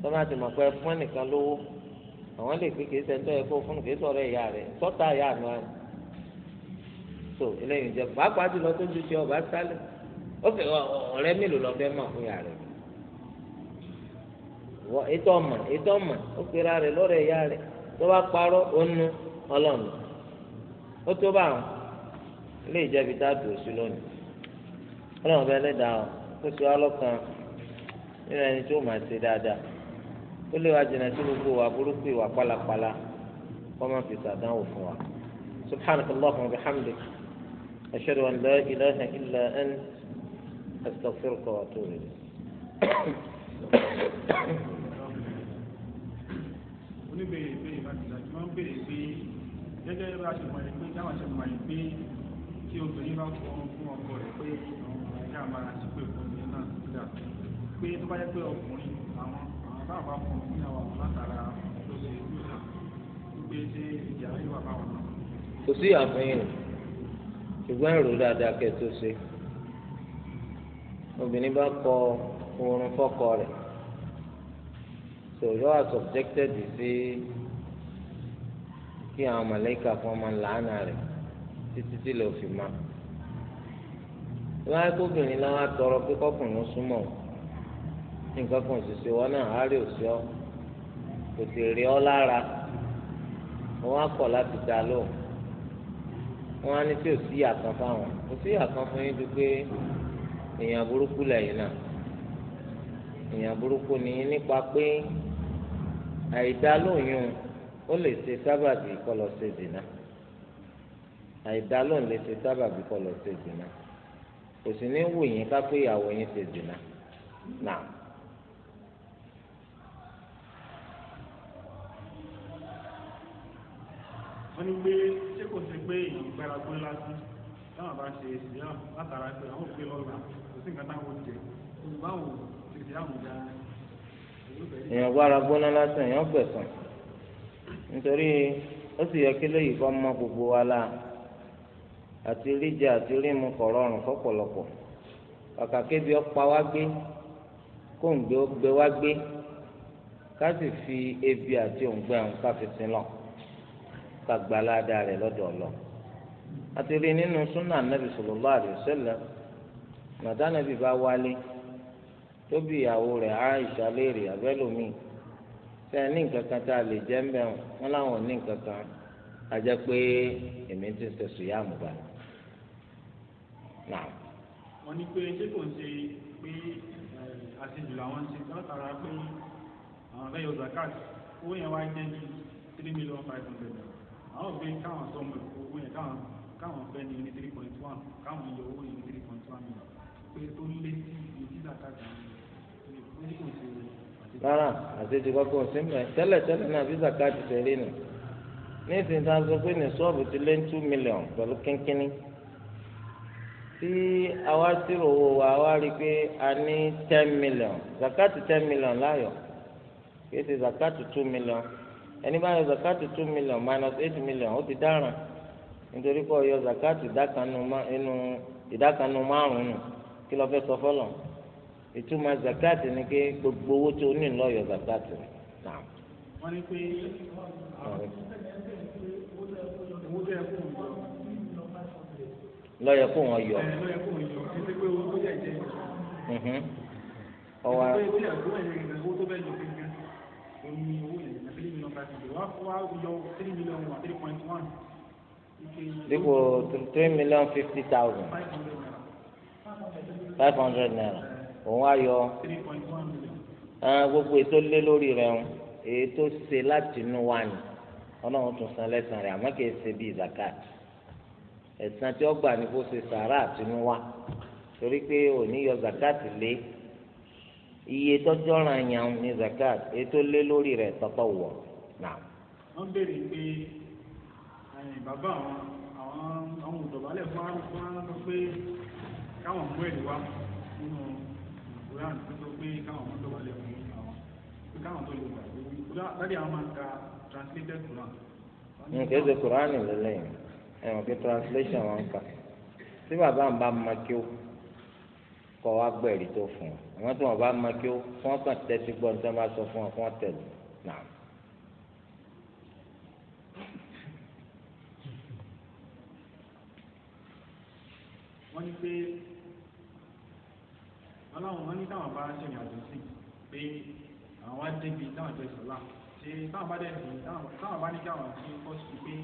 tó má ti mọ̀ pé fún ẹnìkan lówó àwọn lè pé kì í sẹ́ńtọ́ yẹ kó fún kì í sọ̀rọ̀ ìyá so eléyìí jẹ pàápàá jùlọ tó ju ti ọba sálẹ̀ ó fẹ́ ọ̀rẹ́ mélòó rẹ̀ wọ ètò ọmọ ètò ọmọ ó pera rẹ̀ lọ́rọ̀ ẹ̀yà rẹ̀ tó bá parọ́ ó nu ọlọ́run ó tó bá wọn ilé ìjẹbi tá a dùn sí lónìí ọlọ́run bẹ́ẹ̀ lẹ́dàá ọ kó sì wá lọ́kàn nínú ẹni tó máa ṣe dáadáa ó lè wá jìnnà sí gbogbo wa burúkú ìwà pálapàla kó má fi sàdánwò fún wa subhanaka allahumma wa bihamdik ashhadu an la ilaha illa ant astaghfiruka wa atubu ilayk oníbèrè pé ìbàdìlà tí wọ́n ń bèrè pé gẹ́gẹ́ bá a ṣe mọ̀ ní pé táwọn ṣe mọ̀ ní pé tí obìnrin bá fọ fún ọkọ rẹ̀ pé ọ̀gá àmàlà ti pè fún mi náà síta pé tó bá yẹ pé ọkùnrin àwọn àwọn bá bá fọ ní àwọn látara tó ṣe ìlú náà wípé ṣé ìyá yóò wà báwọn náà. kò sí àfihàn ṣùgbọ́n èrò dáadáa kẹ́ tó ṣe obìnrin bá kọ oorun fọ́kọ rẹ̀ so you are subjected sí kí àwọn mọ̀lẹ́kà kan máa làánà rẹ̀ títí tí lè fi máa láyé kóbìnrin náà á tọrọ pé kọkùnrin ó súnmọ́ nǹkan kan ṣiṣẹ́ wọn náà á rí òsì ọ kò sì rí ọ lára wọn á kọ̀ láti dá lóhùn wọn á ní tí ò sí àkàn fáwọn kò sí àkàn fún yín ju pé èèyàn burúkú lẹ́yìn náà èèyàn burúkú ni nípa pé àìdálóyún ó lè ṣe sábàbí kọlọ ṣe dènà àìdálóyún lè ṣe sábàbí kọlọ ṣe dènà kò sì ní wù yín kápé ìyàwó yín ṣe dènà náà. wọ́n ní pé ṣé kò sí pé èèyàn gbé lásán táwọn bá ṣe ìṣìyàn látara pé àwọn òfin lọ́la kò sí nǹkan táwọn jẹ olùbáwò ṣèṣì àwọn èèyàn gbára gbóná lásán èèyàn gbẹ̀sán nítorí ó sì yẹ kí lóyìí kọ́ mọ gbogbo wa la àti ríjẹ àti rímu kọ̀ rọrùn fọ́pọ̀lọpọ̀ kàkà kébi ọ̀pá wá gbé kó ń gbé ó gbé wá gbé ká sì fi ebi àti òǹgbẹ àwọn káfíńsì lọ ká gba aláda rẹ lọ́dọ̀ ọlọ àti rí nínú súnà nàbì sallallahu alaihi wasallam màdánàbì bá wálé tó ìyàwó rẹ̀ Aisha léèrè abẹ́lómi tẹ́ ní nǹkan tá a lè jẹ́ mbẹ́ wọn láwọn ní nǹkan a jẹ́ pé èmi ti ń sẹ̀sùn yá àmú báyìí. wọ́n ní pé ṣé kò ń ṣe pé eh, àṣejù làwọn ṣe látara pé àwọn ọ̀rẹ́ yóò zakat owó yẹn wá jẹ́ ní three million five hundred àwọn òfin káwọn sọmọ owó yẹn káwọn káwọn fẹ́ ní ní three point one káwọn yọ owó yẹn ní three point one million pé tó lé sí ìdí zakat àwọn rárá àtẹ̀tẹ̀ kọ́kọ́ sí mẹ́ tẹ́lẹ̀ tẹ́lẹ̀ náà bí zakati tẹ̀lé nù ní ìsìn tá a sọ pé ní sọ́ọ̀bù ti lé ní two million pẹ̀lú kínkínní tí àwa sírò owó wa wá rí i pé a ní ten million zakati ten million láyọ̀ kí ṣe zakati two million ẹni bá yọ zakati two million minus eight million ó ti dáràn nítorí pé ó yọ zakati ìdákanu márùn-ún kí ló fẹ́ sọ fọlọ́n ìtumọ̀ zakat ni pé gbogbo owó tó ní lọ́yọ̀ zakat ni. wọ́n ní pé owó tó yẹ kó ń yọ. lọ́yọ̀ kó wọ́n yọ. lọ́yọ̀ kó wọ́n yọ títí pé owó yẹ jẹ́ mhm. ìjọ. ọwọ́ ẹ. ìgbésí àgbọ̀ ẹ̀yìn rẹ̀ owó tó bẹ́ẹ̀ jọ kékeré omi owó yẹn three million one three point one. dípò three million fifty thousand five hundred naira òun á yọ gbogbo ètò lé lórí rẹ̀ ń èyí tó ṣe láti inú wa ni ọlọ́run tún san lẹ́sàn-án rẹ̀ àmọ́ kì í ṣe bíi zakat ẹ̀sán tí ó gbà ní kó ṣe sàárà àtinúwá torí pé òní yọ zakat lé iye tọ́jọ́ ràn yàn ní zakat èyí tó lé lórí rẹ̀ tọ́tọ̀ wọ̀ náà. wọ́n béèrè pé bàbá àwọn àwọn òdòbálẹ̀ fún arúgbó rán lọ pé káwọn mú èrè wá Quran tó sọ pé káwọn ọmọ tó wà lẹ́kùn àwọn pé káwọn tó lè wà kódà láti àwọn máa ka translated Quran. nǹkan ẹ̀sẹ̀ Quran lélẹ́yìn ẹ̀wọ̀n pé translation wọn kà tí bàbá ń bá máa kí ó kọ́ wá gbẹ̀rí tó fún ọ àwọn tí wọn bá máa kí ó fún ọkàn tẹ́tí gbọ́ nítorí wọn bá sọ fún ọ fún ọ̀tẹ̀lẹ̀ náà. wọ́n ní pé ọlọ́run wọn ní táwọn bá ṣe ìrìnàjò sí pé àwọn wá débi táwọn jẹ sọlá ṣe táwọn bá dẹ̀ ní táwọn bá ní káwọn ṣe kọ́ sí pé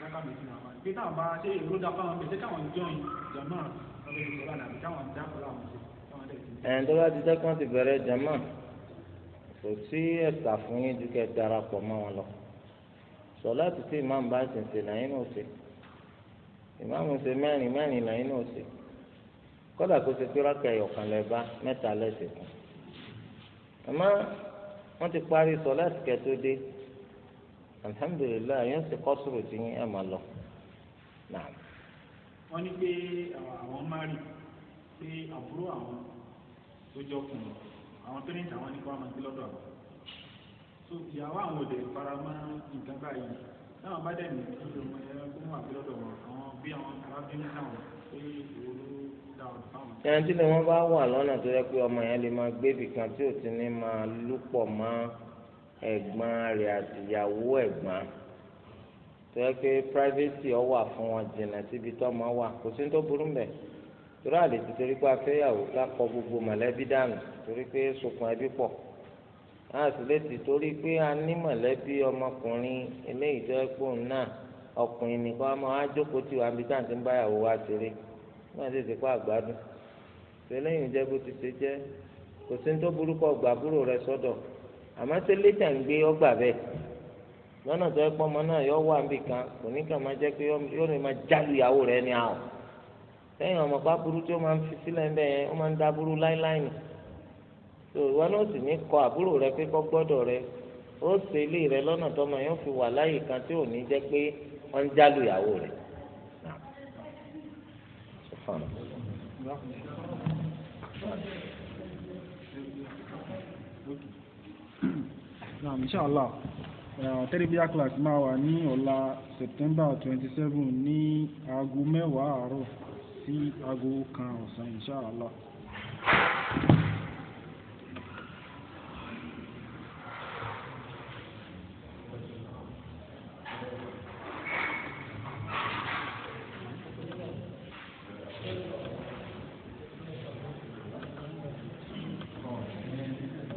lákà méjì náà wá pé táwọn bá ṣe èrò dá fáwọn pèsè káwọn jọyìn jọmọ ọdún ìṣọlá nàbí káwọn dá fọlá wọn ṣe káwọn dẹ̀ sí. ẹ̀ẹ́n tó bá ti dẹ́kun ti bẹ̀rẹ̀ jọmọ kò sí ẹ̀ka fún yín ju kẹ́ darapọ̀ mọ́ wọn lọ sọlá ti tí ìmáàmù bá ṣe kódà kó ṣe pé rákà ẹ̀yọ̀kan lẹ bá mẹ́ta lẹ́sẹ̀ kan àmọ́ wọ́n ti parí sọ láti kẹ́tó dé alhamdulilayi yẹn ti kọ́sùrù tí ẹ̀ máa lọ. wọ́n ní pé àwọn mari pé àbúrò àwọn tó jọ kùn àwọn pẹ́rẹ́ǹtì àwọn nípa àwọn ti lọ́dọ̀ àwọn so ìyàwó àwọn òde faramọ́ nǹkan báyìí náà bá dẹ̀ ní kí ló mọ ẹ̀rọ kó mú àbí lọ́dọ̀ wọn àwọn bí àwọn arábìnrin náà pé ìwòlò tẹ̀yìntì ni wọ́n bá wà lọ́nà tó yẹ pé ọmọ yẹn lè máa gbé ibì kan tí ò ti ní máa lúpọ̀ mọ́ ẹ̀gbọ́n rẹ̀ àtìyàwó ẹ̀gbọ́n tó yẹ pé privacy ọ wà fún wọn jìnnà síbi tó máa wà kò sí tó burú mbẹ̀ torí àlè ti torí pé afẹ́yàwó ká kọ gbogbo mọ̀lẹ́bí dànù torí pé sokùn ẹbí pọ̀ náà sì lè ti torí pé a ní mọ̀lẹ́bí ọmọkùnrin eléyìí tó yẹ pé òun náà ọkùnrin nìkan máa jókòó tí wàá bí táǹtì ń báyàwó wá ṣeré. wọn àti ìsìnkú àgbàdùn sẹlẹyìn jẹ bó ti ṣe jẹ kò sí ní tó burúkú ọgbà àbúrò rẹ sọdọ àmọ́ ṣe létà ń gbé ọgbà bẹ́ẹ̀ lọ́nà tó ẹ pọ ọmọ náà yọ wà níbì kan kò ní kà máa jẹ pé yọrọ ní máa jálu ìyàwó rẹ ní àwọn ọmọ tí ó máa ń fi ń bẹ yẹn ó kọ àbúrò rẹ pé kọ gbọ́dọ̀ rẹ ó ṣe ilé rẹ lọ́nà tó máa yóò fi wà kan tí ò ní jẹ Subhanallah. Naam, inshallah. Uh, Tẹ́lifíà class máa wà ní ọ̀la September twenty seven ní aago mẹ́wàá àárọ̀ sí aago kan ọ̀sán inshallah.